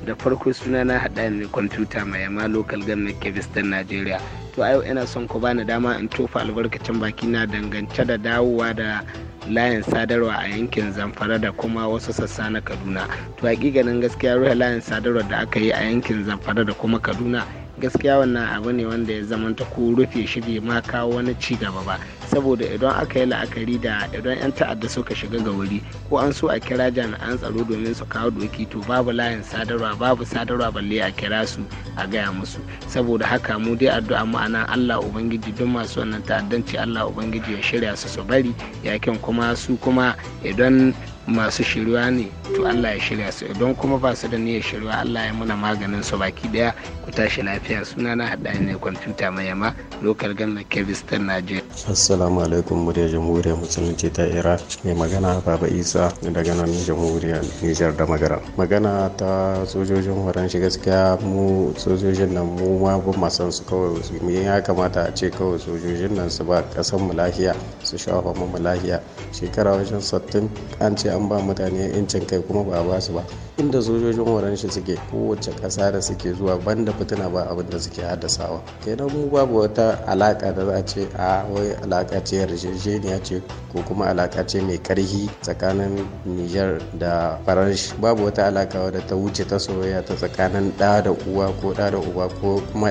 Da farko suna na haɗa mai kwamfuta mai ma local government Kebistan Najeriya. To yau ina son ku bani dama in tofa albarkacin baki na dangance da dawowa da layin sadarwa a yankin zamfara da kuma wasu sassa na kaduna to ganin gaskiya ruwa layin sadarwa da aka yi a yankin zamfara da kuma kaduna gaskiya wannan abu ne wanda ya zamanta ko rufe shi bai ma kawo wani ci gaba ba saboda idan aka yi la'akari da idan 'yan ta'adda suka shiga ga wuri ko an so a kira jami'an tsaro domin su kawo doki to babu layin sadarwa babu sadarwa balle a kira su a gaya musu saboda haka mu dai addu'a mu anan Allah ubangiji duk masu wannan ta'addanci Allah ubangiji ya shirya su su bari yakin kuma su kuma idan masu shirya ne to Allah ya shirya su don kuma ba su da niyyar shirya Allah ya muna maganin su baki daya ku tashi lafiya suna na hada ne kwamfuta mai yama lokal gana kebis ta Najeriya. Assalamu alaikum muryar jamhuriyar musulunci ta ira mai magana Baba Isa daga nan jamhuriyar Nijar da Magara. Magana ta sojojin shi gaskiya mu sojojin nan mu ma ba san su kawai mu ya kamata a ce kawai sojojin nan su ba kasan mu lahiya su shafa mu lahiya shekara wajen sattin an ce an ba mutane yancin kai kuma ba a ba su ba inda sojojin waran shi suke kowace ƙasa da suke zuwa banda fitina ba abin da suke haddasawa kenan mu babu wata alaka da za a ce a wai alaka ce yarjejeniya ce ko kuma alaka ce mai karhi tsakanin niger da faransh babu wata alaka wadda ta wuce ta soyayya ta tsakanin ɗa da uwa ko ɗa da uba ko kuma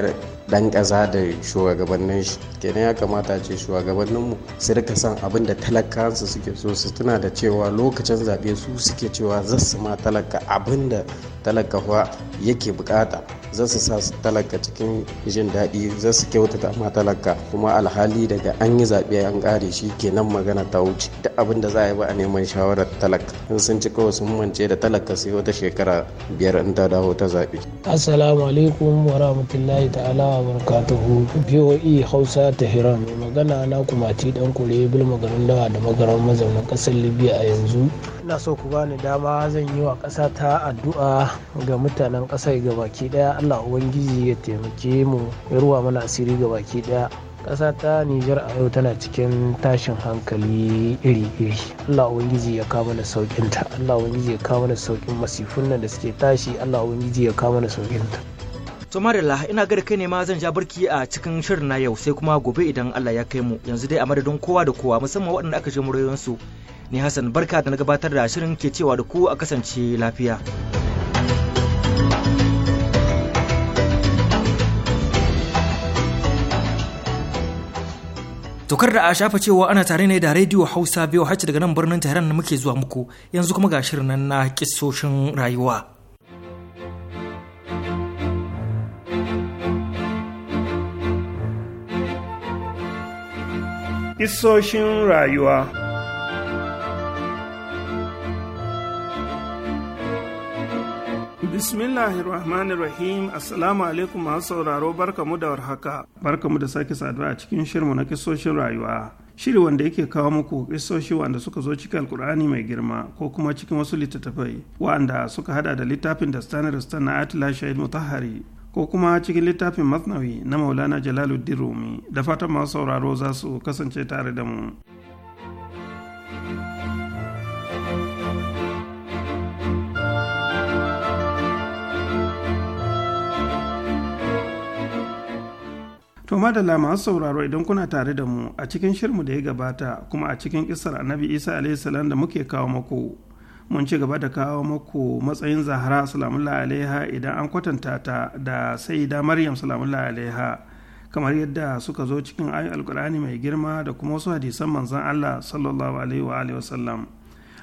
dan kaza da shugabannin shi kenan ya kamata ce shugabannin mu su rika san abin da talakansu suke so su tuna da cewa lokacin zaɓe su suke cewa zasu ma talaka abin da talakawa yake bukata za su sa talaka cikin jin daɗi za su kyautata ma talaka kuma alhali daga an yi zaɓe an ƙare shi kenan magana ta wuce duk abin da za a yi ba a neman shawarar talaka in sun ci kawai sun mance da talaka sai wata shekara biyar in ta dawo ta zaɓe. assalamu alaikum wa rahmatullahi ta'ala wa barakatuhu boe hausa ta mai magana na ci dan kure bil maganin dawa da magaran mazaunin ƙasar libya a yanzu ina so ku bani dama zan yi wa ƙasa ta addu'a ga mutanen ƙasar gabaki daya allah ubangiji ya taimake mu ya ruwa mana asiri gabaki ɗaya ƙasa ta Nijar a yau tana cikin tashin hankali iri-iri. Allah Ubangiji ya kawo mana saukin ta. Allah Ubangiji ya kawo mana saukin masifun nan da suke tashi. Allah Ubangiji ya kawo mana saukin ta. To Marilla, ina gada kai ne ma zan ja barki a cikin shirin na yau sai kuma gobe idan Allah ya kai mu. Yanzu dai a madadin kowa da kowa musamman waɗanda aka je murayoyin ni hassan barka da na gabatar da shirin ke cewa da ku a kasance lafiya tokar da a shafa cewa ana tare ne da rediyo hausa biyu hacci daga nan birnin tehran da muke zuwa muku yanzu kuma ga shirin nan na kisoshin rayuwa Isoshin rayuwa Bismillahirrahmanirrahim Assalamu alaikum masu sauraro barkamu da warhaka. Barkamu da sake saduwa a cikin shirmu na kisoshin rayuwa. Shiri wanda yake kawo muku kisoshi wanda suka zo cikin alkur'ani mai girma ko kuma cikin wasu littattafai wanda suka hada da littafin da stanar na Atila Shahid Mutahari ko kuma cikin littafin Masnawi na Maulana Jalaluddin Rumi da fatan masu sauraro za su kasance tare da mu. To madalla masu sauraro idan kuna tare da mu a cikin shirmu da ya gabata kuma a cikin kisar annabi Isa alaihissalam da muke kawo maku mun ci gaba da kawo maku matsayin Zahra salamullah alaiha idan an kwatanta ta da Sayyida Maryam salamullah alaiha kamar yadda suka zo cikin ayin alkur'ani mai girma da kuma wasu hadisan manzan Allah sallallahu alaihi wa alihi wasallam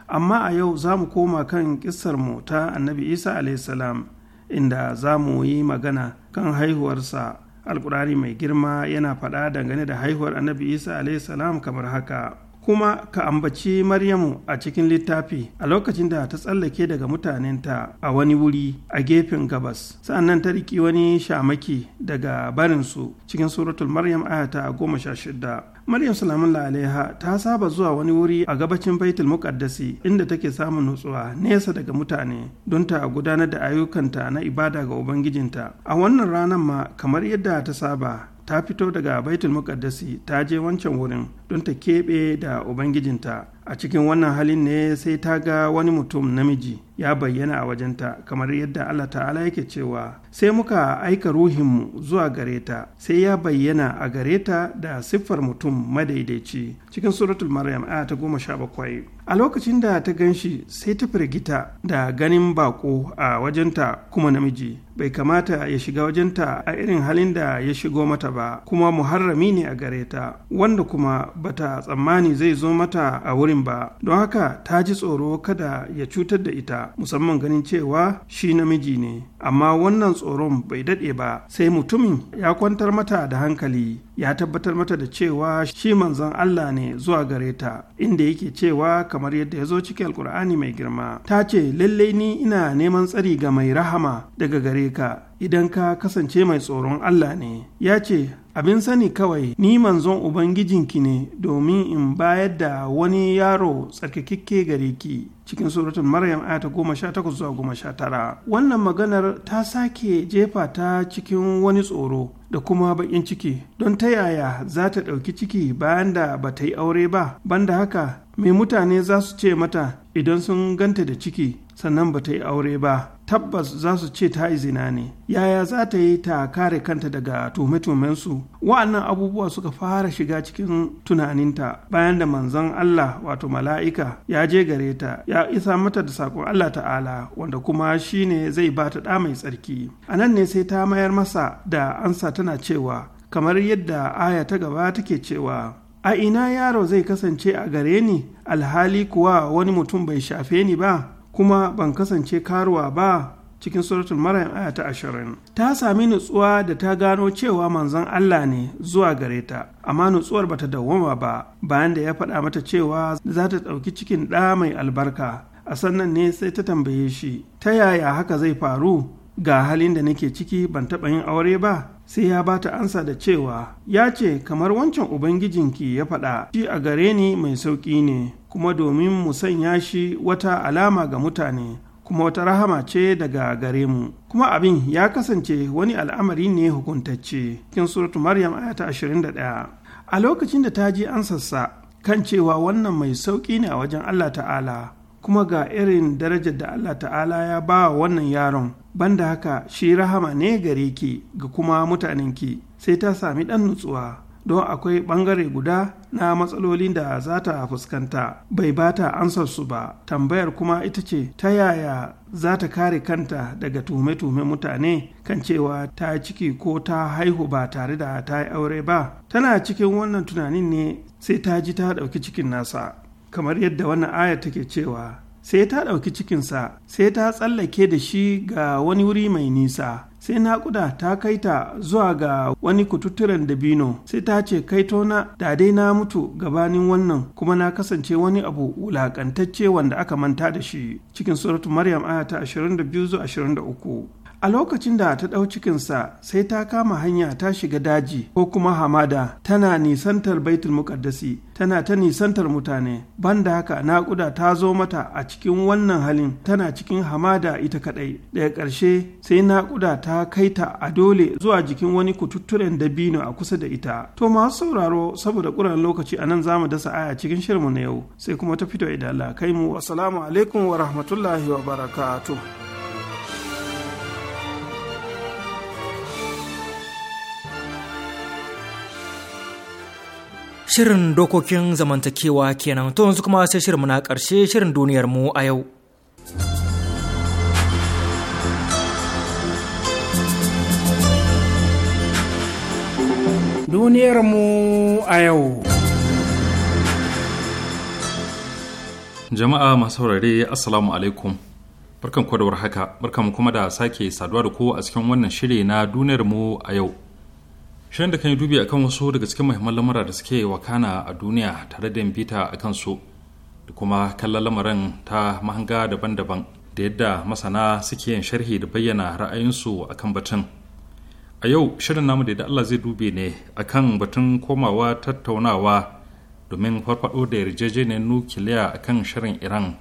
amma a yau za mu koma kan kissar mu ta annabi Isa alaihissalam inda za mu yi magana kan haihuwarsa alƙurari mai girma yana faɗa dangane da haihuwar annabi isa salam kamar haka kuma ka ambaci Maryamu a cikin littafi a lokacin da ta tsallake daga mutanenta a wani wuri a gefen gabas nan ta riki wani shamaki daga barinsu cikin suratul Maryam aya ta goma sha shida. Maryam salamun alaiha ta saba zuwa wani wuri a gabacin Baitul Muƙaddasi, inda take samun nutsuwa nesa daga mutane don ta gudanar da ayyukanta na ibada ga Ubangijinta. A wannan ranar ma kamar yadda ta saba ta fito daga baitul muqaddasi ta je wancan wurin don ta keɓe da ubangijinta a cikin wannan halin ne sai ta ga wani mutum namiji ya bayyana a wajenta kamar yadda Allah ta'ala yake cewa sai muka aika ruhinmu zuwa gareta. sai ya bayyana a gareta da siffar mutum madaidaici cikin suratul maryam aya ta goma sha bakwai a lokacin da ta gan shi sai ta firgita da ganin bako a wajenta kuma namiji bai kamata ya shiga wajenta a irin halin da ya shigo mata ba kuma muharrami ne a gareta, wanda kuma bata tsammani zai zo mata a wurin ba don haka ta ji tsoro kada ya cutar da ita musamman ganin cewa shi namiji ne amma wannan tsoron bai daɗe ba sai mutumin ya kwantar mata da hankali ya tabbatar mata da cewa shi manzon Allah ne zuwa gare ta inda yake cewa kamar yadda ya zo cikin alkur'ani mai girma ta ce lallai ni ina neman tsari ga mai rahama daga gare ka idan ka kasance mai tsoron Allah ne ya ce abin sani kawai ni manzon ubangijinki ne domin in bayar da wani yaro tsarkakekke gare ki cikin suratun maryam ayata goma sha takwas zuwa goma sha tara wannan maganar ta sake jefa ta cikin wani tsoro da kuma bakin ciki don ta yaya za ta ɗauki ciki bayan da ba ta yi aure ba banda haka mai mutane za su ce mata idan sun ganta da ciki sannan ba ta yi aure ba tabbas za su ce ta izina ne yaya za ta yi ta kare kanta daga tuhume-tuhumensu wa'annan abubuwa suka fara shiga cikin tunaninta bayan da manzon Allah wato mala'ika ya je gare ta ya isa mata da sakon Allah ta'ala wanda kuma shi ne zai ba ta ɗa mai tsarki a nan ne sai ta mayar masa da ansa tana cewa kamar yadda aya ta gaba take cewa a ina yaro zai kasance a gare ni alhali kuwa wani mutum bai shafe ni ba kuma ban kasance karuwa ba cikin suratul maryam aya ta ashirin ta sami nutsuwa da ta gano cewa manzon Allah ne zuwa gare ta amma nutsuwar bata dawwama ba bayan da ya faɗa mata cewa za ta ɗauki cikin ɗa mai albarka a sannan ne sai ta tambaye shi ta yaya haka zai faru ga halin da nake ciki ban taɓa yin aure ba sai ya ba ta ansa da cewa ya ce kamar wancan ubangijinki ya faɗa shi a gare ni mai sauƙi ne kuma domin mu sanya shi wata alama ga mutane kuma wata rahama ce daga gare mu kuma abin ya kasance wani al'amari ne hukuntacce cikin suratu maryam aya ta 21 a lokacin da ta ji ansarsa kan cewa wannan mai sauƙi ne a wajen allah ta'ala kuma ga irin darajar da Allah ta'ala ya ba wa wannan yaron banda haka shi rahama ne gare ki ga kuma mutanen ki sai ta sami ɗan nutsuwa don akwai ɓangare guda na matsalolin da za ta fuskanta bai ba ta su ba tambayar kuma ita ce ta yaya za ta kare kanta daga tume-tume mutane kan cewa ta ciki ko ta haihu ba tare da ta yi aure ba tana cikin wannan tunanin ne sai ta ji ta ɗauki cikin nasa kamar yadda wannan aya take cewa sai ta ɗauki cikinsa sai ta tsallake da shi ga wani wuri mai nisa sai na naƙuda ta kai ta zuwa ga wani kututturen dabino sai ta ce kaito na da dai na mutu gabanin wannan kuma na kasance wani abu wulaƙantacce wanda aka manta da shi cikin suratu maryam aya ta 22 23 a lokacin da ta ɗau cikinsa sai ta kama hanya ta shiga daji ko kuma hamada tana nisantar baitul muƙaddasi tana ta nisantar mutane banda haka naƙuda ta zo mata a cikin wannan halin tana cikin hamada ita kaɗai daga ƙarshe sai naƙuda ta kai ta a dole zuwa jikin wani kututturen dabino a kusa da ita to masu sauraro saboda ƙuran lokaci a nan zamu dasa aya cikin shirmu na yau sai kuma ta fito idan Allah kai mu assalamu alaikum wa rahmatullahi wa barakatuh Shirin dokokin zamantakewa kenan to yanzu kuma sai shirin na ƙarshe shirin duniyar a yau. Duniyar mu a yau. Jama'a masu saurare Assalamu alaikum. Barkan kwadawar haka, barkan kuma da sake saduwa da ku a cikin wannan shiri na duniyar mu a yau. shirin da kan yi dubi akan wasu daga cikin muhimman lamura da suke wakana a duniya tare da bita a su da kuma kallon lamarin ta mahanga daban-daban da yadda masana suke yin sharhi da bayyana ra'ayinsu a kan batun a yau shirin namu da Allah zai dube ne a kan batun komawa tattaunawa domin farfado da yarjejeniyar nukiliya a kan shirin iran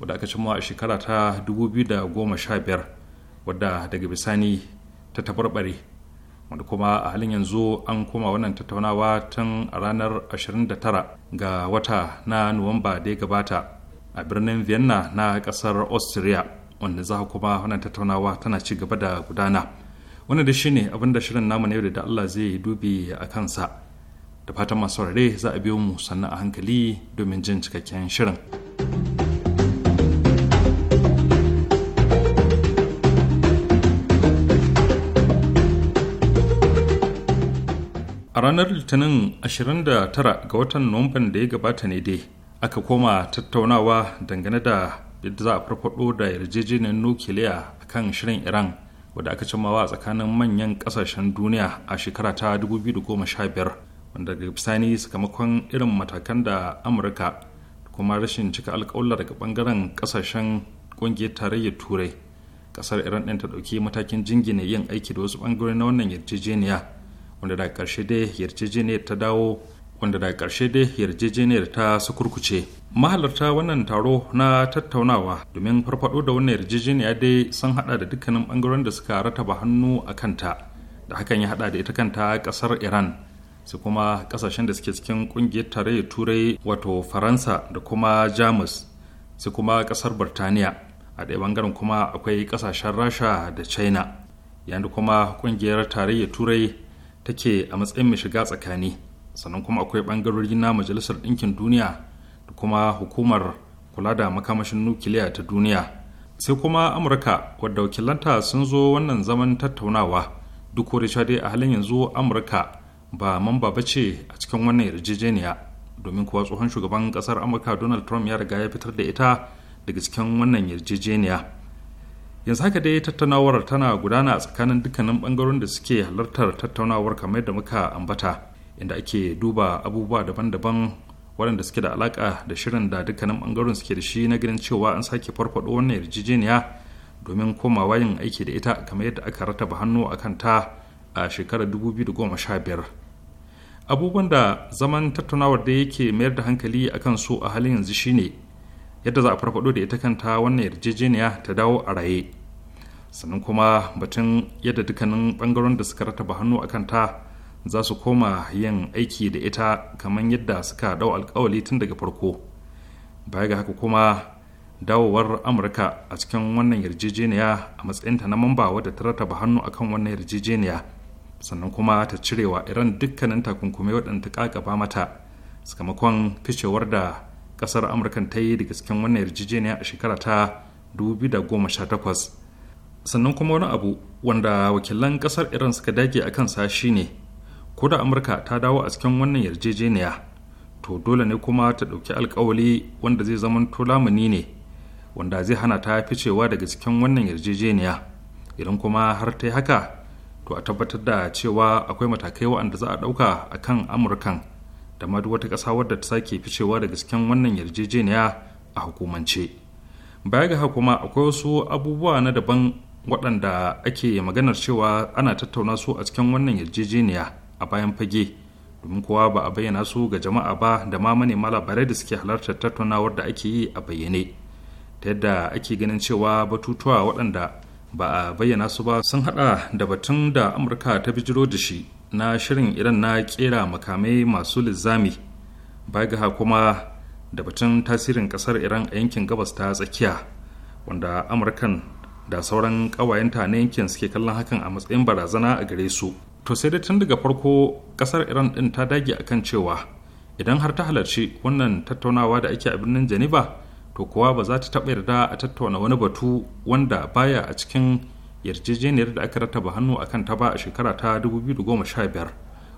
wadda aka cimma a shekara ta 2015 wadda daga bisani ta tabarbare wanda kuma a halin yanzu an koma wannan tattaunawa tun a ranar 29 ga wata na nuwamba da ya gabata a birnin vienna na kasar austria wanda za kuma wannan tattaunawa tana ci gaba da gudana wanda da shine abin da shirin namu na yau da allah zai dubi a kansa da fatan masu za a biyo mu sannan a hankali domin jin cikakken shirin. a ranar litinin 29 ga watan nuwamban da ya gabata ne dai aka koma tattaunawa dangane da yadda za a farfado da yarjejeniyar nukiliya a kan shirin iran wadda aka a tsakanin manyan kasashen duniya a shekara ta 2015 wanda daga bisani sakamakon irin matakan da amurka kuma rashin cika alkawalla daga bangaren kasashen kungiyar tarayyar turai kasar iran ɗin ta ɗauki matakin jingine yin aiki da wasu bangarori na wannan yarjejeniya wanda da ƙarshe dai yarjejeniyar ta dawo wanda da ƙarshe dai yarjejeniyar ta sukurkuce mahalarta wannan taro na tattaunawa domin farfado da wannan yarjejeniya dai sun hada da dukkanin bangaren da suka rataba hannu a kanta da hakan ya hada da ita kanta kasar iran su kuma kasashen da suke cikin kungiyar tarayyar turai wato faransa da kuma jamus su kuma kasar birtaniya a ɗaya bangaren kuma akwai kasashen rasha da china yayin kuma kungiyar tarayyar turai take a matsayin mai shiga tsakani sannan kuma akwai bangarori na majalisar ɗinkin duniya da kuma hukumar kula da makamashin nukiliya ta duniya sai kuma amurka wadda wakilanta sun zo wannan zaman tattaunawa duk wani dai a halin yanzu amurka ba mamba ba ce a cikin wannan yarjejeniya domin kuwa tsohon shugaban kasar amurka donald trump ya riga ya fitar da ita daga cikin wannan yarjejeniya yanzu haka dai tattaunawar tana gudana a tsakanin dukkanin bangarorin da suke halartar tattaunawar kamar yadda muka ambata inda ake duba abubuwa daban-daban waɗanda suke da alaƙa da shirin da dukkanin bangarorin suke da shi na ganin cewa an sake farfaɗo wannan yarjejeniya domin komawa yin aiki da ita kamar yadda aka rataba hannu a ta a shekarar 2015 abubuwan da zaman tattaunawar da yake mayar da hankali akan su a halin yanzu shine yadda za a farfado da ita kanta wannan yarjejeniya ta dawo a raye sannan kuma batun yadda dukkanin bangaren da suka rataba hannu a kanta za su koma yin aiki da ita kamar yadda suka dau alkawali tun daga farko baya ga haka kuma dawowar amurka a cikin wannan yarjejeniya a matsayinta na mamba wadda ta rataba hannu akan wannan yarjejeniya sannan kuma ta cirewa iran dukkanin takunkumai waɗanda ta kakaba mata sakamakon ficewar da kasar amurkan ta yi da gasken wannan yarjejeniya a shekara ta 2018 sannan kuma wani abu wanda wakilan kasar iran suka dage a kansa ne ko da amurka ta dawo a cikin wannan yarjejeniya to dole ne kuma ta ɗauki alkawali wanda zai zama lamuni ne wanda zai hana ta ficewa daga cikin wannan yarjejeniya idan kuma har ta yi haka to a tabbatar da cewa akwai matakai waɗanda za a ɗauka a kan amurkan da ma duk wata ƙasa wadda ta sake ficewa daga cikin wannan yarjejeniya a hukumance baya ga kuma akwai wasu abubuwa na daban waɗanda ake maganar cewa ana tattauna su a cikin wannan yarjejeniya a bayan fage domin kowa ba a bayyana su ga jama'a ba da ma manema labarai da suke halartar tattaunawar da ake yi a bayyane ta yadda ake ganin cewa batutuwa waɗanda ba a bayyana su ba sun haɗa da batun da amurka ta bijiro da shi na shirin idan na kera makamai masu lizami ga kuma da batun tasirin kasar iran a yankin gabas ta tsakiya wanda amurkan da sauran kawayenta na yankin suke kallon hakan a matsayin barazana a gare su to sai dai tun daga farko kasar iran din ta dage a kan cewa idan har ta halarci wannan tattaunawa da ake a birnin geneva to kuwa ba za ta taɓa yarda a tattauna wani batu wanda baya a cikin yarjejeniyar da aka rataba hannu akan ta ba a shekara ta 2015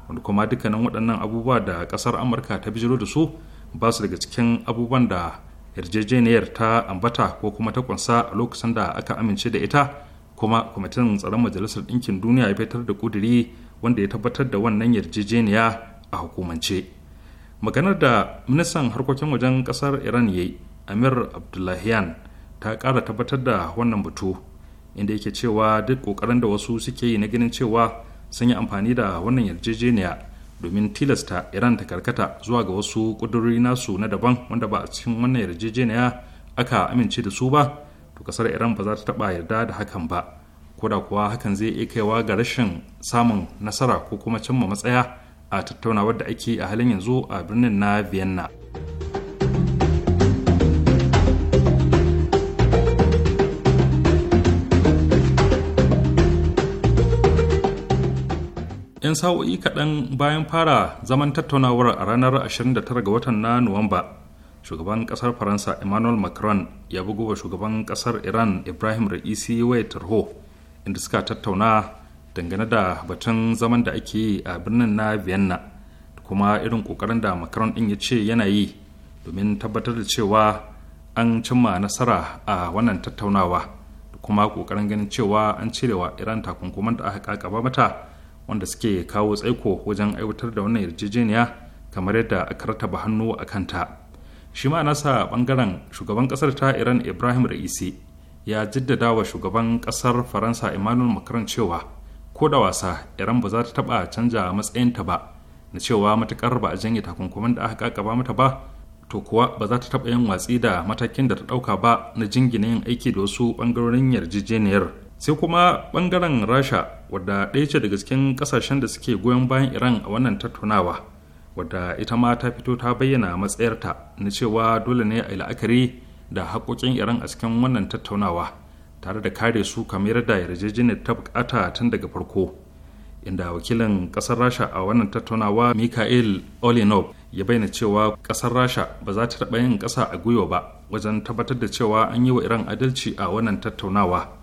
wanda kuma dukkanin waɗannan abubuwa da ƙasar amurka ta bijiro da su ba su daga cikin abubuwan da yarjejeniyar ta ambata ko kuma ta kunsa a lokacin da aka amince da ita kuma kwamitin tsaron majalisar ɗinkin duniya ya fitar da ƙuduri wanda ya tabbatar da wannan yarjejeniya a hukumance maganar da ministan harkokin wajen ƙasar iran ya yi amir abdullahian ta ƙara tabbatar da wannan batu inda yake cewa duk kokarin da wasu suke yi na ganin cewa sun yi amfani da wannan yarjejeniya domin tilasta iran ta karkata zuwa ga wasu ƙudurori nasu na daban wanda ba a cikin wannan yarjejeniya aka amince da su ba to kasar iran ba za ta taba yarda da hakan ba ko da kuwa hakan zai iya kaiwa ga rashin samun nasara ko kuma cimma matsaya a tattaunawar da ake a halin yanzu a birnin na vienna 'yan sa'o'i kaɗan bayan fara zaman tattaunawar a ranar 29 ga watan na nuwamba shugaban ƙasar faransa emmanuel macron ya bugu wa shugaban ƙasar iran ibrahim ra'isi waya tarho inda suka tattauna dangane da batun zaman da ake yi a birnin na vienna kuma irin kokarin da macron ɗin ya ce yana yi domin tabbatar da cewa an cimma nasara a wannan tattaunawa kuma kokarin ganin cewa an cire wa iran takunkuman da aka kakaba mata wanda suke kawo tsaiko wajen aiwatar da wannan yarjejeniya kamar yadda aka rataba hannu a kanta shi ma nasa bangaren shugaban kasar ta iran ibrahim ra'isi ya jaddada wa shugaban kasar faransa emmanuel macron cewa ko da wasa iran ba za ta taba canja matsayinta ba na cewa matukar ba a janye takunkumin da aka kakaba mata ba to kuwa ba za ta taba yin watsi da matakin da ta dauka ba na jingina yin aiki da wasu bangarorin yarjejeniyar sai kuma bangaren rasha wadda ɗaya ce daga cikin ƙasashen da suke goyon bayan iran a wannan tattaunawa wadda ita ma ta fito ta bayyana matsayarta na cewa dole ne a yi la'akari da haƙoƙin iran a cikin wannan tattaunawa tare da kare su kamar da yarjejeniyar ta bukata tun daga farko inda wakilin ƙasar rasha a wannan tattaunawa mikhail olinov ya bayyana cewa ƙasar rasha ba za ta taɓa yin ƙasa a gwiwa ba wajen tabbatar da cewa an yi wa iran adalci a wannan tattaunawa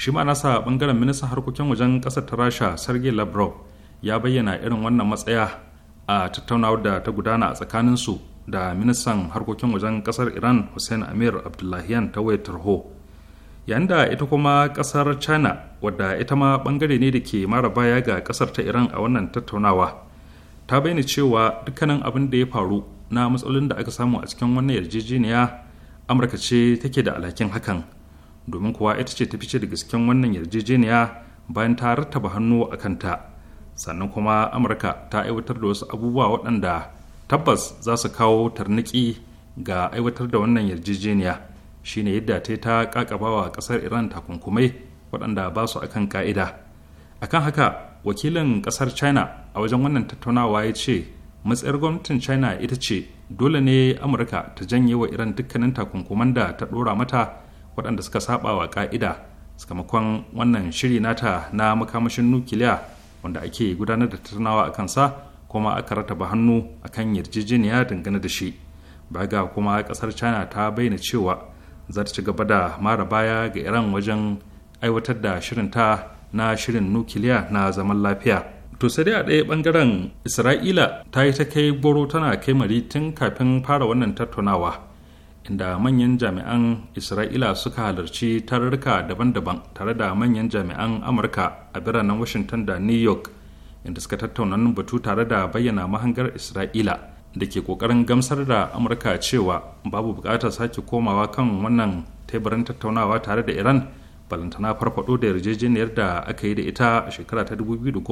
shi ma nasa bangaren ministan harkokin wajen kasar ta rasha sergei lavrov ya bayyana irin wannan matsaya a tattaunawar da ta gudana a tsakaninsu da ministan harkokin wajen kasar iran hussein amir abdullahian ta wayar tarho yayin da ita kuma kasar china wadda ita ma bangare ne da ke mara baya ga kasar ta iran a wannan tattaunawa ta bayyana cewa dukkanin abin da ya faru na matsalolin da aka samu a cikin wannan yarjejeniya amurka ce take da alhakin hakan domin kuwa ita ce ta fice da gasken wannan yarjejeniya bayan ta rattaba hannu a kanta sannan kuma amurka ta aiwatar da wasu abubuwa waɗanda tabbas za su kawo tarniki ga aiwatar da wannan yarjejeniya shine yadda ta ta kakabawa ƙasar iran takunkumai waɗanda ba su akan ka'ida akan haka wakilin ƙasar china a wajen wannan tattaunawa ya ce matsayar gwamnatin china ita ce dole ne amurka ta janye wa iran dukkanin takunkuman da ta ɗora mata waɗanda suka saba wa ka'ida sakamakon wannan shiri nata na makamashin nukiliya wanda ake gudanar da tattaunawa a kansa kuma aka rataba hannu akan yarjejeniya dangane da shi baya ga kuma ƙasar china ta bayyana cewa za ta ci gaba da mara baya ga iran wajen aiwatar da shirin ta na shirin nukiliya na zaman lafiya to sai dai a ɗaya bangaren isra'ila ta yi ta kai boro tana kai mari tun kafin fara wannan tattaunawa inda manyan jami'an isra'ila suka halarci tararruka daban-daban tare da manyan jami'an amurka a biranen washington da new york inda suka tattauna batu tare da bayyana mahangar isra'ila da ke kokarin gamsar da amurka cewa babu bukatar sake komawa kan wannan teburin tattaunawa tare da iran balantana farfado da yarjejeniyar da aka yi da ita a shekara ta 2015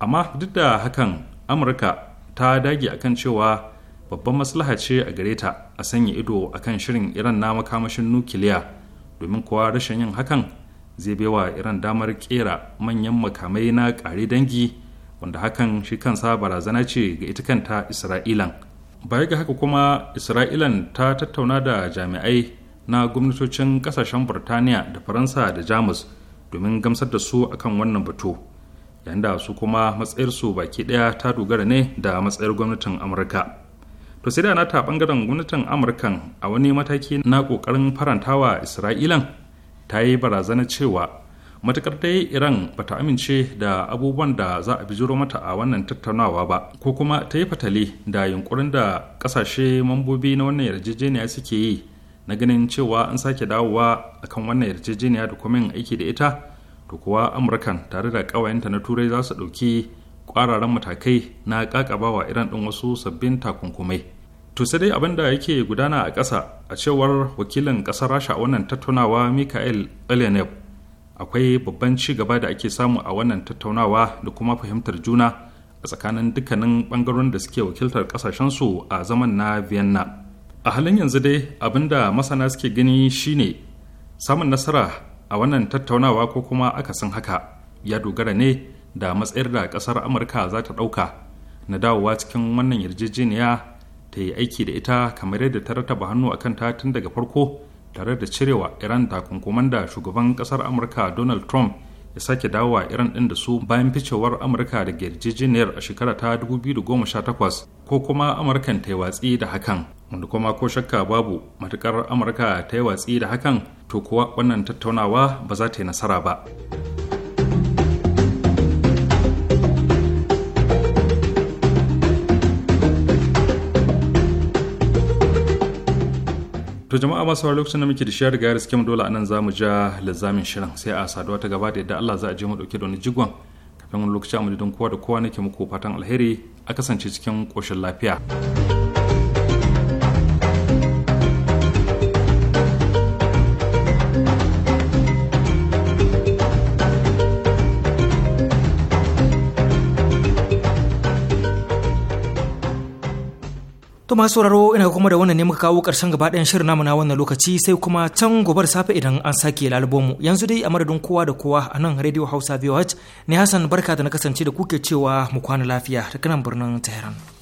amma duk da hakan amurka ta dage akan cewa babban maslaha ce a gare ta a sanya ido a kan shirin iran na makamashin nukiliya domin kuwa rashin yin hakan zai bai wa iran damar kera manyan makamai na kare dangi wanda hakan shi kan kansa barazana ce ga ita kanta isra'ilan baya ga haka kuma isra'ilan ta tattauna da jami'ai na gwamnatocin kasashen burtaniya da faransa da jamus domin gamsar da su akan wannan batu yayin da su kuma matsayarsu baki ɗaya ta dogara ne da matsayar gwamnatin amurka to sai da na ta bangaren gwamnatin amurkan a wani mataki na kokarin farantawa isra'ilan ta yi barazana cewa matukar dai iran ba ta amince da abubuwan da za a bijiro mata a wannan tattaunawa ba ko kuma ta yi fatali da yunkurin da kasashe mambobi na wannan yarjejeniya suke yi na ganin cewa an sake dawowa akan wannan yarjejeniya da kuma aiki da ita to kuwa amurkan tare da ƙawayenta na turai za su ɗauki kwararan matakai na wa iran din wasu sabbin takunkumai to sai dai abin da yake gudana a ƙasa a cewar wakilin ƙasar rasha a wannan tattaunawa mikael elenev akwai babban ci gaba da ake samu a wannan tattaunawa da kuma fahimtar juna a tsakanin dukkanin bangarorin da suke wakiltar kasashensu a zaman na vienna a halin yanzu dai da masana suke gani shine samun nasara a wannan tattaunawa ko kuma akasin haka ya dogara ne da matsayar da kasar amurka za ta ɗauka na dawowa cikin wannan yarjejeniya ta yi aiki da ita kamar yadda ta rataba hannu a kanta tun daga farko tare da cirewa iran takunkuman da shugaban kasar amurka donald trump ya sake dawowa iran ɗin da su bayan ficewar amurka daga yarjejeniyar a shekara ta 2018 ko kuma amurkan ta yi watsi da hakan wanda kuma ko shakka babu matukar amurka ta yi watsi da hakan to kuwa wannan tattaunawa ba za ta yi nasara ba. to jama'a masu wani lokacin da muke da shiyar gayar skim dole anan za mu ja lizamin shirin sai a saduwa ta gaba da yadda Allah za a je mu dauke da wani jigon kafin wani lokaci a madadin kowa da kowa nake muku fatan alheri a kasance cikin koshin lafiya. To masu sauraro ina kuma da wannan ne muka kawo ƙarshen gaba ɗayan shirin namu na wannan lokaci sai kuma can gobar safe idan an sake mu yanzu dai a madadin kowa da kowa a nan Radio Hausa VOH ne Hassan barka da na kasance da kuke cewa mu kwana lafiya ta kanan birnin Tehran.